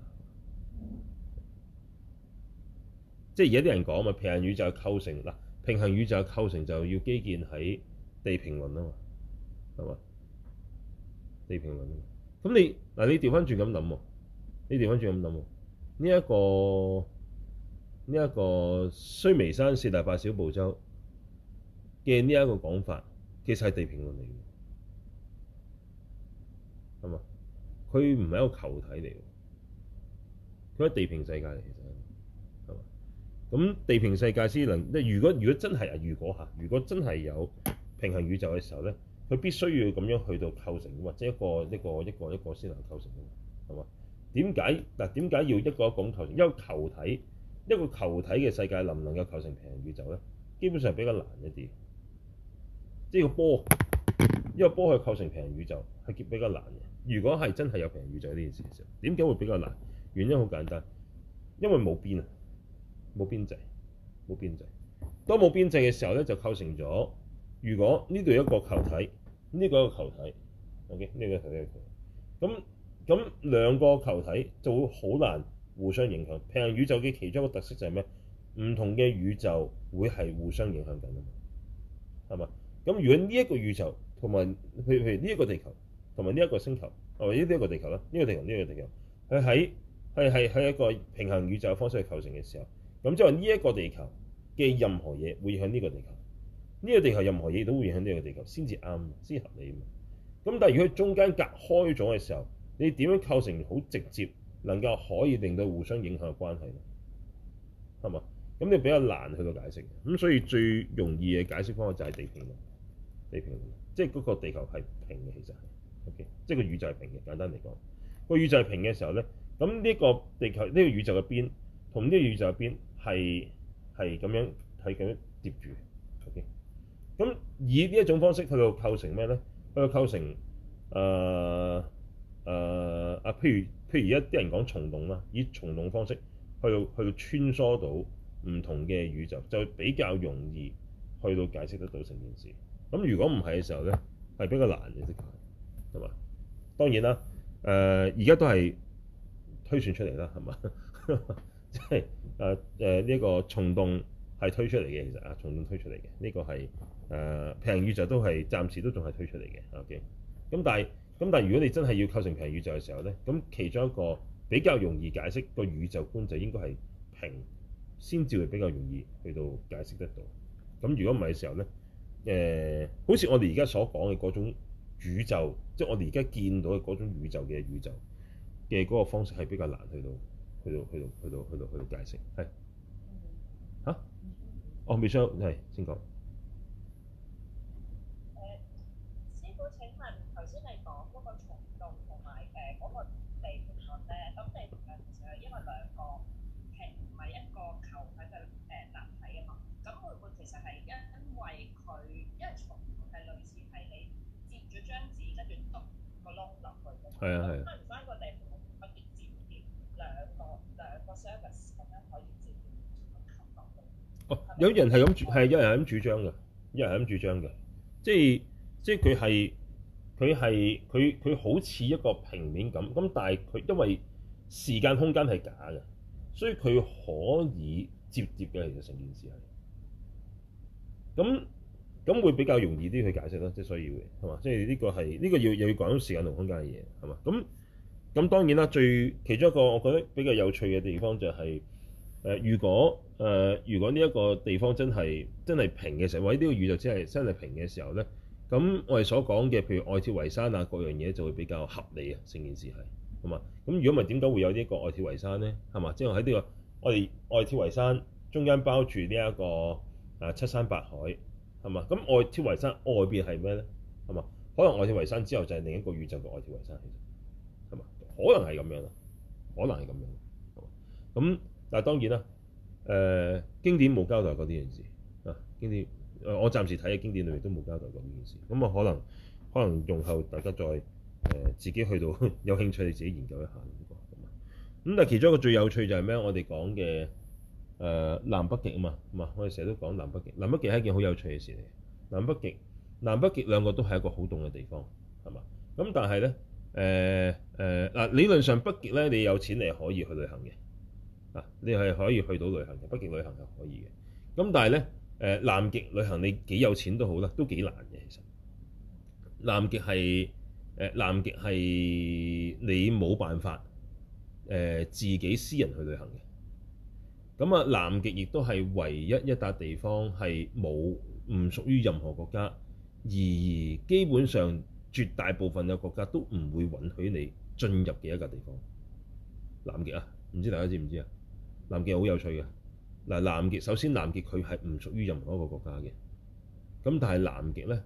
即係而家啲人講嘛，平行宇宙構成嗱，平行宇宙構成就要基建喺地平論啊嘛，係嘛？地平論咁你嗱，你調翻轉咁諗喎，你調翻轉咁諗喎，呢一個呢一個須彌山四大八小部洲嘅呢一個講法其實係地平論嚟嘅，係嘛？佢唔係一個球體嚟嘅，佢係地平世界嚟，其實，係嘛？咁地平世界先能即係，如果如果真係啊，如果嚇，如果真係有平衡宇宙嘅時候咧，佢必須要咁樣去到構成，或者一個一個一個一個先能夠構成嘅，係嘛？點解嗱？點解要一個一個咁構成？一個球體，一個球體嘅世界能唔能夠構成平衡宇宙咧？基本上是比較難一啲，即係個波，一個波去構成平衡宇宙係比較難嘅。如果係真係有平行宇宙呢件事嘅時候，點解會比較難？原因好簡單，因為冇邊啊，冇邊際，冇邊際。當冇邊際嘅時候咧，就構成咗，如果呢度一個球體，呢個一個球體，OK，呢個係一個球體，咁咁兩個球體就會好難互相影響。平行宇宙嘅其中一個特色就係咩？唔同嘅宇宙會係互相影響緊啊嘛，係嘛？咁如果呢一個宇宙同埋，譬譬如呢一個地球。同埋呢一個星球，或者呢一個地球咧，呢個地球呢個地球，佢喺係係喺一個平行宇宙嘅方式去構成嘅時候，咁即係話呢一個地球嘅任何嘢會向呢個地球，呢個地球任何嘢都會影響呢個地球，先至啱先合理。咁但係如果佢中間隔開咗嘅時候，你點樣構成好直接能夠可以令到互相影響嘅關係咧？係嘛？咁你比較難去到解釋嘅，咁所以最容易嘅解釋方法就係地平論。地平即係嗰個地球係平嘅，其實係。Okay. 即係個宇宙係平嘅。簡單嚟講，個宇宙係平嘅時候咧，咁呢個地球呢個宇宙嘅邊同呢個宇宙嘅邊係係咁樣喺緊疊住。O.K.，咁以呢一種方式去到構成咩咧？去到構成誒誒、呃呃、啊，譬如譬如而家啲人講蟲洞啦，以蟲洞方式去到去到穿梭到唔同嘅宇宙，就比較容易去到解釋得到成件事。咁如果唔係嘅時候咧，係比較難解釋。係嘛？當然啦，誒而家都係推算出嚟啦，係嘛？即係誒誒呢個蟲洞係推出嚟嘅，其實啊，蟲洞推出嚟嘅呢個係誒、呃、平宇宙都係暫時都仲係推出嚟嘅。O K. 咁但係咁但係如果你真係要構成平宇宙嘅時候咧，咁其中一個比較容易解釋，個宇宙觀就應該係平先至會比較容易去到解釋得到。咁如果唔係嘅時候咧，誒、呃、好似我哋而家所講嘅嗰種。宇宙，即係我哋而家見到嘅嗰種宇宙嘅宇宙嘅嗰個方式係比較難去到去到去到去到去到去到，去到解釋，係吓、啊，哦未想，你、哎、h 先講。係啊係啊，翻唔翻個零可兩個兩個 service 咁樣可以接哦，有人係咁主係有人係咁主張嘅，有人係咁主張嘅，即係即係佢係佢係佢佢好似一個平面咁，咁但係佢因為時間空間係假嘅，所以佢可以接接嘅，其實成件事係咁。咁會比較容易啲去解釋啦，即係所以嘅，係嘛？即係呢個係呢個要又要講時間同空間嘅嘢，係嘛？咁咁當然啦，最其中一個我覺得比較有趣嘅地方就係呃，如果呃如果呢一個地方真係真係平嘅時候，或者呢個宇宙真係真係平嘅時候咧，咁我哋所講嘅譬如愛鐵圍山啊，各樣嘢就會比較合理啊，成件事係，係嘛？咁如果唔係點解會有呢一個愛鐵圍山咧？係嘛？即係喺呢個我哋愛鐵圍山中間包住呢一個啊七山八海。係嘛？咁外跳維山外邊係咩咧？係嘛？可能外跳維山之後就係另一個宇宙嘅外跳維山，其實係嘛？可能係咁樣啊，可能係咁樣。咁但係當然啦，誒、呃、經典冇交代嗰啲嘢事啊，經典、呃、我暫時睇嘅經典裏面都冇交代過呢件事，咁啊可能可能用後大家再誒、呃、自己去到有興趣，你自己研究一下呢個咁啊。咁但係其中一個最有趣就係咩？我哋講嘅。誒南北極啊嘛，咁啊，我哋成日都講南北極。南北極係一件好有趣嘅事嚟。南北極，南北極兩個都係一個好凍嘅地方，係嘛？咁但係咧，誒誒嗱，理論上北極咧，你有錢你係可以去旅行嘅，嗱，你係可以去到旅行嘅。北極旅行係可以嘅。咁但係咧，誒、呃、南極旅行你幾有錢都好啦，都幾難嘅其實。南極係誒、呃、南極係你冇辦法誒、呃、自己私人去旅行嘅。咁啊，南極亦都係唯一一笪地方係冇唔屬於任何國家，而基本上絕大部分嘅國家都唔會允許你進入嘅一個地方。南極啊，唔知大家知唔知啊？南極好有趣嘅。嗱，南極，首先南極佢係唔屬於任何一個國家嘅，咁但係南極呢，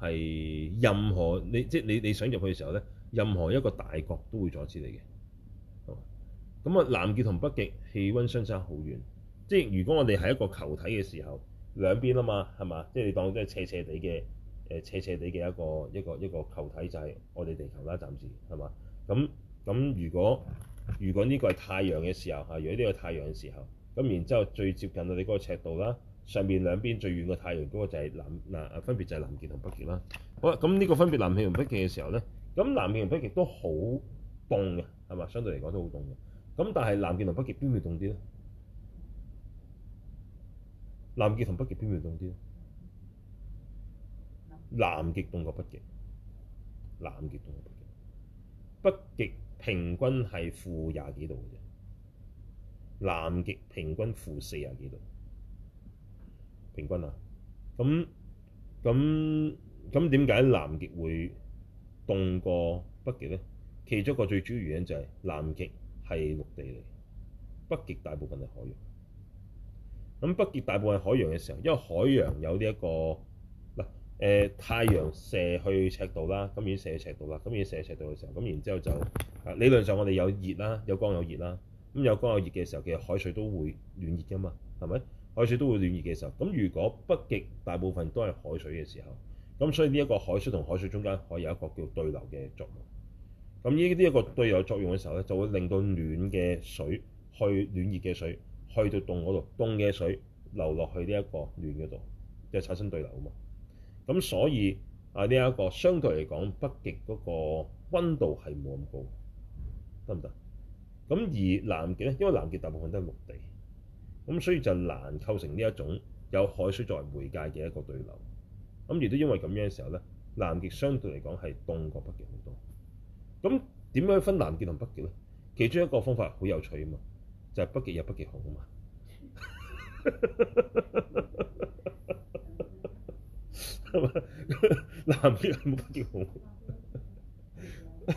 係任何你即係你你想入去嘅時候呢，任何一個大國都會阻止你嘅。咁啊，南極同北極氣溫相差好遠。即係如果我哋係一個球體嘅時候，兩邊啊嘛，係嘛？即係你當即係斜斜地嘅誒，斜斜地嘅一個一個一個球體，就係我哋地球啦，啊。暫時係嘛？咁咁，如果如果呢個係太陽嘅時候啊，如果呢個太陽嘅時候，咁然之後最接近啊，你嗰個赤道啦，上面兩邊最遠嘅太陽嗰個就係南南，分別就係南極同北極啦。好啦，咁呢個分別南極同北極嘅時候咧，咁南極同北極都好凍嘅，係嘛？相對嚟講都好凍嘅。咁但係南極同北極邊邊會凍啲呢？南極同北極邊邊會凍啲呢？南極凍過北極，南極凍過北極。北極平均係負廿幾度嘅啫，南極平均負四廿幾度。平均啊，咁咁咁點解南極會凍過北極呢？其中一個最主要原因就係南極，係陸地嚟，北極大部分係海洋。咁北極大部分係海洋嘅時候，因為海洋有呢、這、一個嗱誒、呃、太陽射去赤道啦，咁已經射去赤道啦，咁已經射去赤道嘅時候，咁然之後就理論上我哋有熱啦，有光有熱啦，咁有光有熱嘅時候，其實海水都會暖熱噶嘛，係咪？海水都會暖熱嘅時候，咁如果北極大部分都係海水嘅時候，咁所以呢一個海水同海水中間可以有一個叫對流嘅作用。咁呢啲一個對流作用嘅時候咧，就會令到暖嘅水去暖熱嘅水去到凍嗰度，凍嘅水流落去呢一個暖嗰度，就係產生對流啊嘛。咁所以啊，呢一個相對嚟講，北極嗰個溫度係冇咁高，得唔得？咁而南極咧，因為南極大部分都係陸地，咁所以就難構成呢一種有海水作為媒介嘅一個對流。咁亦都因為咁樣嘅時候咧，南極相對嚟講係凍過北極好多。咁點樣分南極同北極咧？其中一個方法好有趣啊嘛，就係、是、北極有北極熊啊嘛，南極？有北極、嗯、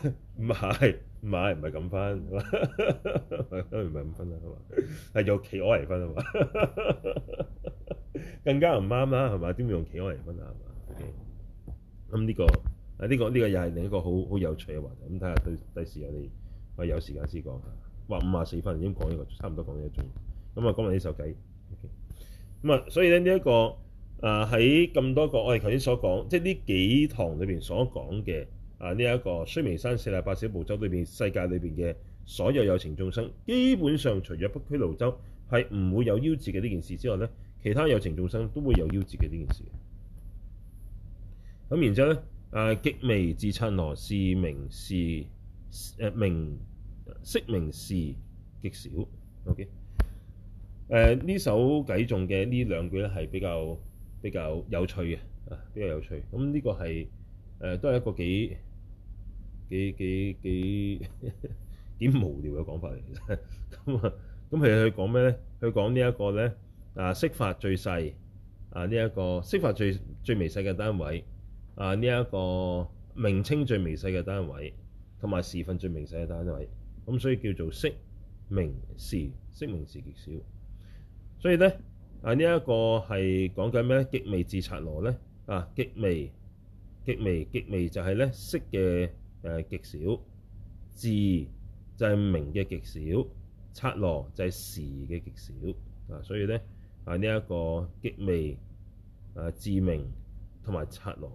熊，唔係唔係唔係咁分，唔係唔係咁分啊嘛，係有企鵝嚟分啊嘛，更加唔啱啦係嘛？點用企鵝嚟分啊嘛？咁呢個。呢、啊這個呢、這個又係另一個好好有趣嘅話題。咁睇下對第時我哋我有時間先講。哇、啊！五啊四分已經講呢個差唔多講咗一鐘。咁、嗯、啊，講埋呢首偈。咁、okay, 啊、嗯，所以咧呢一、這個啊喺咁多個我哋頭先所講，即係呢幾堂裏邊所講嘅啊呢一、這個須彌山四大八小部洲裏邊世界裏邊嘅所有有情眾生，基本上除咗北俱盧洲係唔會有夭折嘅呢件事之外咧，其他有情眾生都會有夭折嘅呢件事。咁然之後咧。誒、啊、極微字剎那，色名時名色名時極少，OK？、呃、這首的這兩呢首偈中嘅呢兩句咧係比較比較有趣嘅，啊比較有趣的。咁、啊、呢、啊這個係誒、呃、都係一個幾幾幾幾無聊嘅講法嚟嘅。咁啊咁講咩咧？講呢一個咧啊，色、啊啊、法最細啊，呢、這、一個色法最最微細嘅單位。啊！呢、這、一個名稱最微細嘅單位，同埋時份最微細嘅單位，咁所以叫做色名時色名時極少。所以咧，啊呢一、這個係講緊咩咧？極微字剎那咧，啊極微極微極微就係咧色嘅誒極少，字就係名嘅極少，剎那就係時嘅極少。啊，所以咧啊呢一、這個極微啊字名同埋剎那。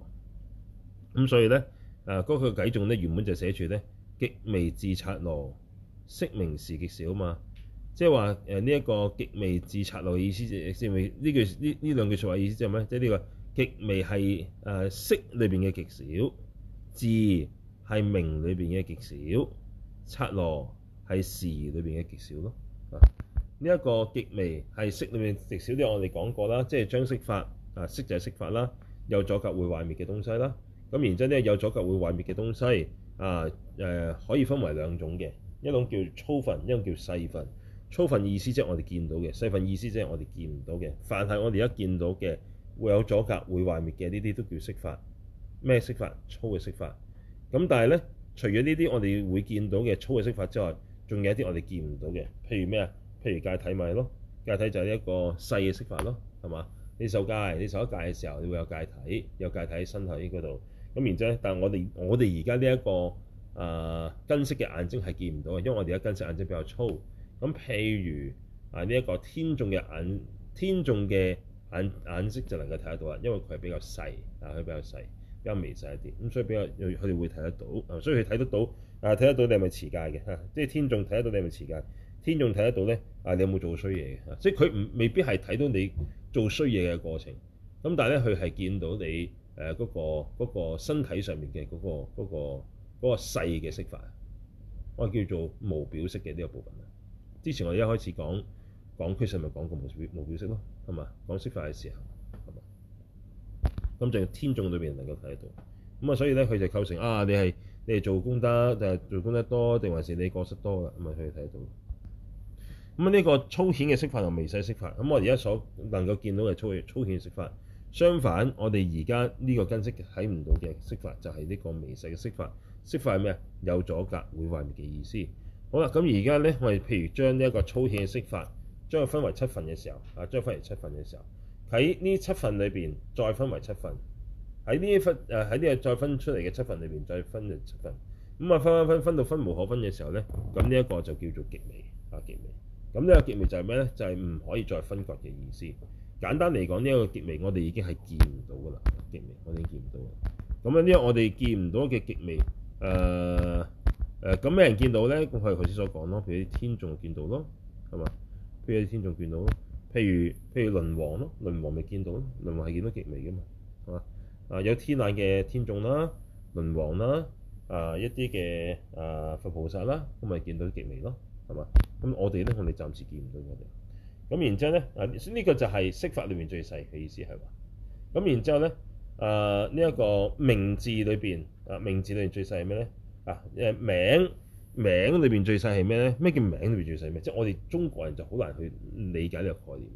咁、嗯、所以咧，誒、呃、嗰、那個偈頌咧，原本就寫住咧，極微字剎那，色名時極少嘛。即係話誒呢一個極微字剎那的意思是，即未呢句呢呢兩句說話意思即係咩？即係呢個極微係誒色裏邊嘅極少，字裡極，係名裏邊嘅極少，剎那係時裏邊嘅極少咯。啊，呢、這、一個極微係色裏面的極少啲，這個、我哋講過啦，即係將色法啊，色就係色法啦，有阻隔會壞滅嘅東西啦。咁然之後咧，有阻隔會毀滅嘅東西啊，誒、呃、可以分為兩種嘅，一種叫粗份，一種叫細份。粗份意思即係我哋見到嘅，細份意思即係我哋見唔到嘅。凡係我哋一見到嘅，會有阻隔會毀滅嘅呢啲都叫色法。咩色法？粗嘅色法。咁但係咧，除咗呢啲我哋會見到嘅粗嘅色法之外，仲有啲我哋見唔到嘅，譬如咩啊？譬如戒體咪係咯，戒體就係一個細嘅色法咯，係嘛？你受戒，你受咗戒嘅時候，你會有戒體，有戒體喺身體嗰度。咁然之後咧，但係我哋我哋而家呢一個啊、呃、根色嘅眼睛係見唔到嘅，因為我哋而家根色眼睛比較粗。咁譬如啊呢一個天眾嘅眼，天眾嘅眼眼色就能夠睇得到啦，因為佢係比較細，啊佢比較細，比較微細一啲。咁所以比較佢哋會睇得到，所以佢睇得到，啊睇得到你係咪持戒嘅嚇？即係天眾睇得到你係咪持戒？天眾睇得到咧，啊你有冇做衰嘢嘅？所以佢唔未必係睇到你做衰嘢嘅過程。咁但係咧，佢係見到你。誒嗰、呃那個那個身體上面嘅嗰個嗰、那個那個細嘅色法，我叫做無表色嘅呢個部分。之前我一開始講港區上咪講過無表無表色咯，係嘛？講色法嘅時候，係嘛？咁就天眾裏邊能夠睇得到。咁啊，所以咧，佢就構成啊，你係你係做功德，就、啊、係做功德多，定還是你過失多啦？咁啊，佢睇得到。咁呢個粗顯嘅色法同微細色法，咁我而家所能夠見到嘅粗粗顯色法。相反，我哋而家呢個根識睇唔到嘅色法就係、是、呢個微細嘅色法。色法係咩啊？有阻隔、會壞嘅意思。好啦，咁而家咧，我哋譬如將呢一個粗顯嘅色法，將佢分為七份嘅時候，啊，將佢分為七份嘅時候，喺呢七份裏邊再分為七份，喺呢一份誒喺呢個再分出嚟嘅七份裏邊再分為七份，咁啊，分分分分到分無可分嘅時候咧，咁呢一個就叫做極微啊，極微。咁呢個極微就係咩咧？就係、是、唔可以再分割嘅意思。簡單嚟講，呢、這、一個極微我哋已經係見唔到㗎啦，極微我已經見唔到啦。咁樣呢，我哋見唔到嘅極微，誒、呃、誒，咁、呃、咩人見到咧？咁係頭先所講咯，譬如天眾見到咯，係嘛？譬如啲天眾見到咯，譬如譬如輪王咯，輪王咪見到咯，輪王係見到極微㗎嘛，係嘛？啊，有天眼嘅天眾啦，輪王啦，啊、呃、一啲嘅啊佛菩薩啦，咁咪見到極微咯，係嘛？咁我哋咧，我哋暫時見唔到嘅。咁然之後咧，啊，呢個就係色法裏面最細嘅意思係話。咁然之後咧，啊、呃，呢、這、一個名字裏邊，啊，名字裏邊最細係咩咧？啊，誒名名裏邊最細係咩咧？咩叫名裏邊最細咩？即係我哋中國人就好難去理解呢個概念。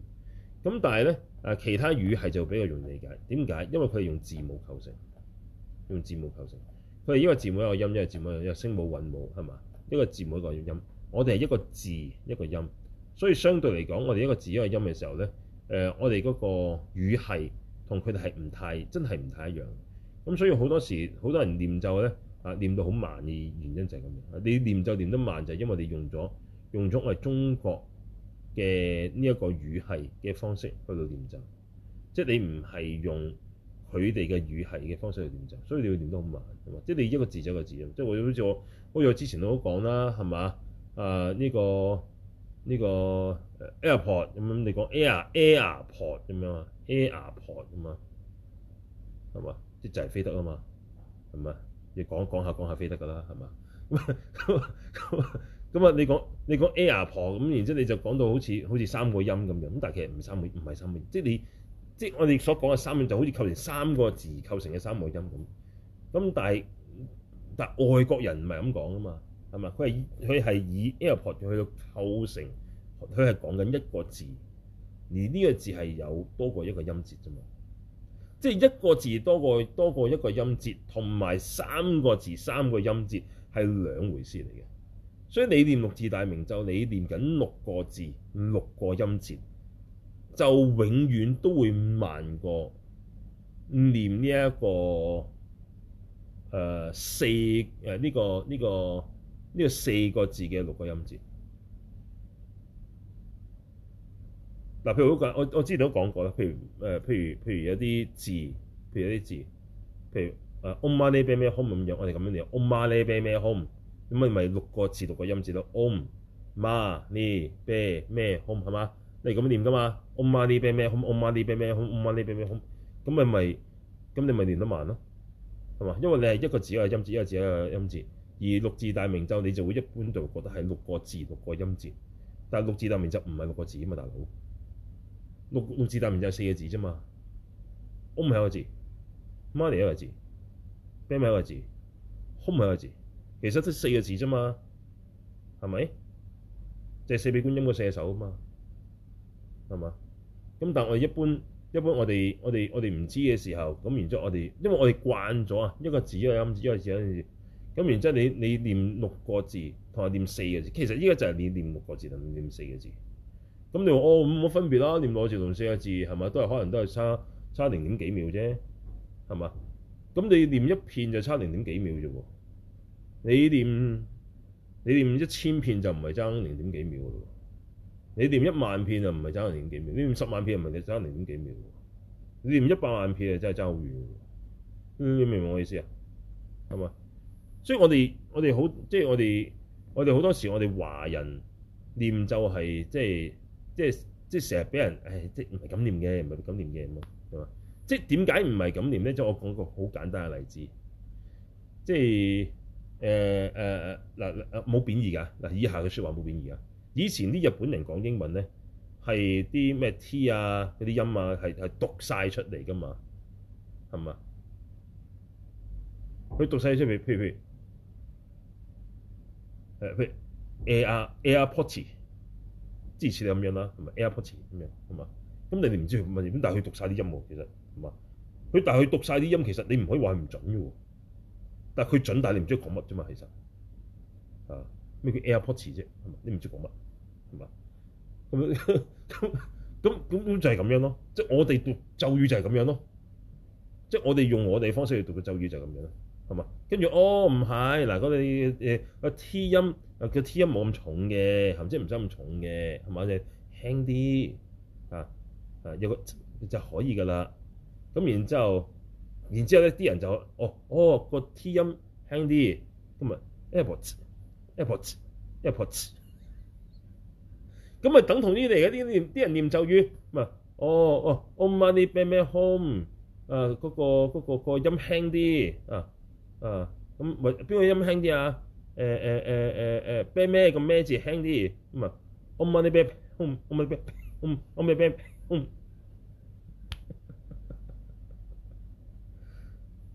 咁但係咧，啊，其他語係就比較容易理解。點解？因為佢哋用字母構成，用字母構成。佢哋一個字母一個音，一個字母一個聲母韻母係嘛、嗯？一個字母一個音。我哋係一個字一個音。所以相對嚟講，我哋一個字一個音嘅時候咧，誒、呃，我哋嗰個語系同佢哋係唔太，真係唔太一樣的。咁所以好多時，好多人念咒咧啊，唸到好慢嘅原因就係咁樣。你念咒念得慢就係因為你用咗用咗我哋中國嘅呢一個語系嘅方式去到念咒，即係你唔係用佢哋嘅語系嘅方式去念咒，所以你要念得好慢。即係你一個字就一個字，即係我好似我好似我之前也都講啦，係嘛啊，呢個。呢個 AirPod 咁 Air, Air 樣，你講 Air AirPod 咁樣啊，AirPod 咁啊，係嘛？即就係、是、飛得啊嘛，係嘛？你講講下講下飛得㗎啦，係嘛？咁 啊，你講你講 AirPod 咁，然之後你就講到好似好似三個音咁樣，咁但係其實唔三個唔係三個音，即你即我哋所講嘅三個音就好似構成三個字構成嘅三個音咁，咁但係但係外國人唔係咁講啊嘛。係佢係佢係以 Airport 去到構成，佢係講緊一個字，而呢個字係有多過一個音節啫嘛。即係一個字多過多過一個音節，同埋三個字三個音節係兩回事嚟嘅。所以你念六字大明咒，就你念緊六個字六個音節，就永遠都會慢過念呢一個誒四誒呢個呢個。呃呢個四個字嘅六個音節。嗱、啊，譬如我我我之前都講過啦，譬如誒，譬如譬如有啲字，譬如有啲字，譬如誒，唵嘛呢叭咪吽咁樣，我哋咁樣念，唵嘛呢叭咪吽，咁咪咪六個字六個音節咯，唵嘛呢叭咪吽係嘛，你咁樣念噶嘛，唵嘛呢叭咪吽，唵嘛呢叭咪吽，唵嘛呢叭咪吽，咁咪咪，咁你咪念得慢咯、啊，係嘛，因為你係一個字一個音節，一個字一個音節。而六字大明咒，你就會一般就覺得係六個字、六個音節。但係六字大明咒唔係六個字啊嘛，大佬。六六字大明咒係四個字啫嘛，空係一個字，媽咪係一個字，咩咪一個字，空係一個字。其實得四個字啫嘛，係咪？即係四臂觀音個射手啊嘛，係嘛？咁但係我哋一般一般，一般我哋我哋我哋唔知嘅時候，咁然之後我哋，因為我哋慣咗啊，一個字一個音，字一個字一個音咁然之後，你你念六個字同埋念四個字，其實依個就係你念六個字同埋念四個字。咁你話哦，冇分別啦，念六個字同四個字係咪？都係可能都係差差零點幾秒啫，係嘛？咁你念一片就差零點幾秒啫喎，你念你念一千片就唔係爭零點幾秒咯，你念一萬片就唔係爭零點幾秒，你念十萬片唔係爭零點幾秒，你念一百萬片啊真係爭好遠。你明唔明我意思啊？係嘛？所以我哋我哋好，即係我哋我哋好多時，我哋華人念就係即係即係即係成日俾人誒，即係唔係咁念嘅，唔係咁念嘅咁啊，即係點解唔係咁念咧？即係、就是、我講個好簡單嘅例子，即係誒誒誒嗱，冇、呃呃、貶義㗎嗱，以下嘅説話冇貶義㗎。以前啲日本人講英文咧，係啲咩 T 啊嗰啲音啊，係係讀晒出嚟㗎嘛，係嘛？佢讀晒出嚟，譬如譬如。誒，譬如 Air AirPods 支持你咁樣啦，同埋 AirPods 咁樣，係嘛？咁你哋唔知佢問嘢，但係佢讀晒啲音喎，其實係嘛？佢但係佢讀晒啲音，其實你唔可以話佢唔準嘅喎。但係佢準，但係你唔知佢講乜啫嘛，其實啊，咩叫 AirPods 啫？你唔知講乜，係嘛？咁樣咁咁咁就係咁樣咯。即係我哋讀咒語就係咁樣咯。即係我哋用我哋方式去讀嘅咒語就係咁樣啦。跟住哦，唔係嗱，嗰、嗰個那個 T 音，嗰個 T 音冇咁重嘅，係咪唔使咁重嘅？係咪啊？輕啲啊啊，有個，t，個就可以㗎啦。咁然之後，然之後咧啲、那個、人就哦哦、那個 T 音輕啲咁啊 Airport Airport Airport 咁啊，Airport, Airport, Airport 等同啲嚟嘅啲念啲人念咒語咁、哦哦哦那個那個那個、啊，哦哦，Om Mani Padme Hum 啊嗰個嗰個音輕啲啊。啊，咁咪邊個音輕啲啊？誒誒誒誒誒，咩咩個咩字輕啲？咁啊，我唔問啲咩，我唔我唔啲咩，我唔我唔我唔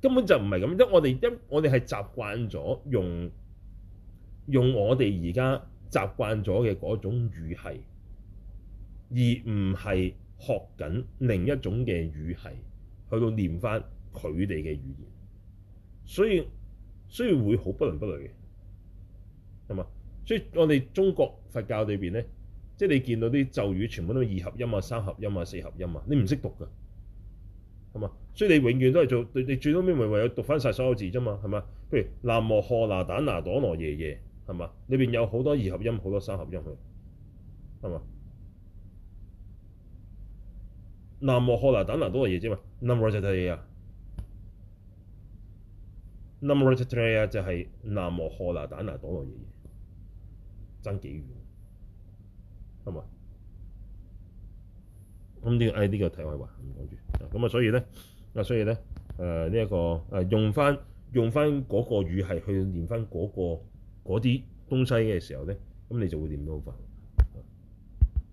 根本就唔係咁，因為我哋因我哋係習慣咗用用我哋而家習慣咗嘅嗰種語系，而唔係學緊另一種嘅語系，去到唸翻佢哋嘅語言。所以所以會好不倫不類嘅，係嘛？所以我哋中國佛教裏邊咧，即係你見到啲咒語全部都係二合音啊、三合音啊、四合音啊，你唔識讀嘅，係嘛？所以你永遠都係做，你最多咩？唯有讀翻晒所有字啫嘛，係嘛？譬如南無喝拿膽拿朵羅夜夜，係嘛？裏邊有好多二合音、好多三合音去，係嘛？南無喝拿膽拿朵羅夜啫嘛，南無阿彌陀佛啊！number three 啊，就係南無何那丹那朵那耶，爭幾遠？係嘛？咁呢、這個，呢、哎這個題外話唔講住。咁啊，所以咧，啊，所以咧，誒呢一個誒、呃、用翻用翻嗰個語系去練翻、那、嗰個嗰啲東西嘅時候咧，咁你就會練得好快。咁、啊、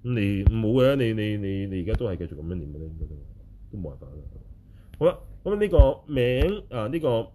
你唔好嘅，你你你你而家都係繼續咁樣練嘅咧，應該都冇辦法啦。好、啊、啦，咁呢個名啊，呢、這個。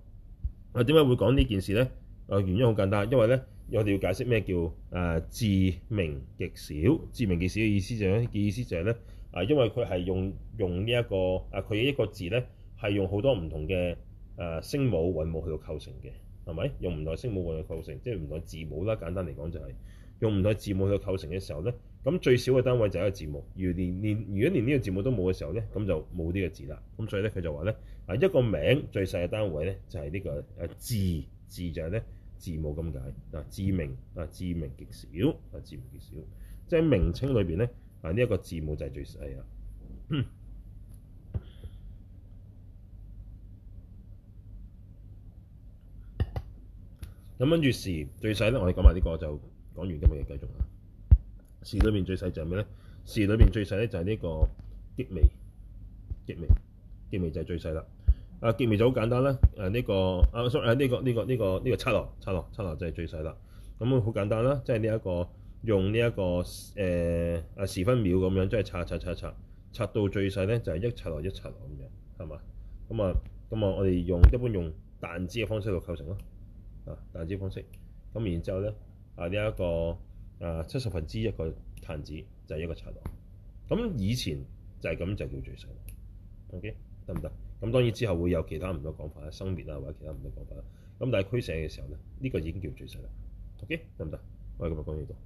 我點解會講呢件事咧？啊，原因好簡單，因為咧，我哋要解釋咩叫誒字名極少。字名極少嘅意思就係咧，嘅意思就係咧，啊，因為佢係用用呢、這、一個啊，佢一個字咧，係用好多唔同嘅誒、啊、聲母韻母去到構成嘅，係咪？用唔同的聲母韻母構成，即係唔同的字母啦。簡單嚟講就係、是、用唔同的字母去到構成嘅時候咧，咁最少嘅單位就係一個字母。如連連，如果連呢個字母都冇嘅時候咧，咁就冇呢個字啦。咁所以咧，佢就話咧。啊，一個名最細嘅單位咧，就係、是這個、呢個誒字，字就係咧字母咁解。嗱，字名啊，字名極少啊，字名極少，即係名稱裏邊咧，啊呢一個字母就係最細啊。咁跟住時最細咧，我哋講埋呢、這個就講完今日嘅繼續啦。時裏邊最細就係咩咧？時裏邊最細咧就係呢、這個極微，極微，極微就係最細啦。啊，極微就好簡單啦。誒、啊、呢、呢個啊 sorry 呢個呢、呢個呢、呢個呢個剎那，剎那，剎那就，就係最細啦。咁好簡單啦，即係呢一個用呢、呢、一個誒啊、呃、時分秒咁樣，即係拆拆拆拆，拆到最細咧，就係一剎那一剎那咁樣，係嘛？咁啊咁啊，我哋用一般用彈指嘅方式去構成咯。啊，彈指方式。咁然之後咧，啊呢一、呢個啊七十分之一個彈指就係一個剎那。咁以前就係咁就叫最細。OK，得唔得？咁當然之後會有其他唔同講法，生滅啊，或者其他唔同講法。咁但係俱舍嘅時候咧，呢個已經叫最細啦。OK 得唔得？我哋今日講呢度。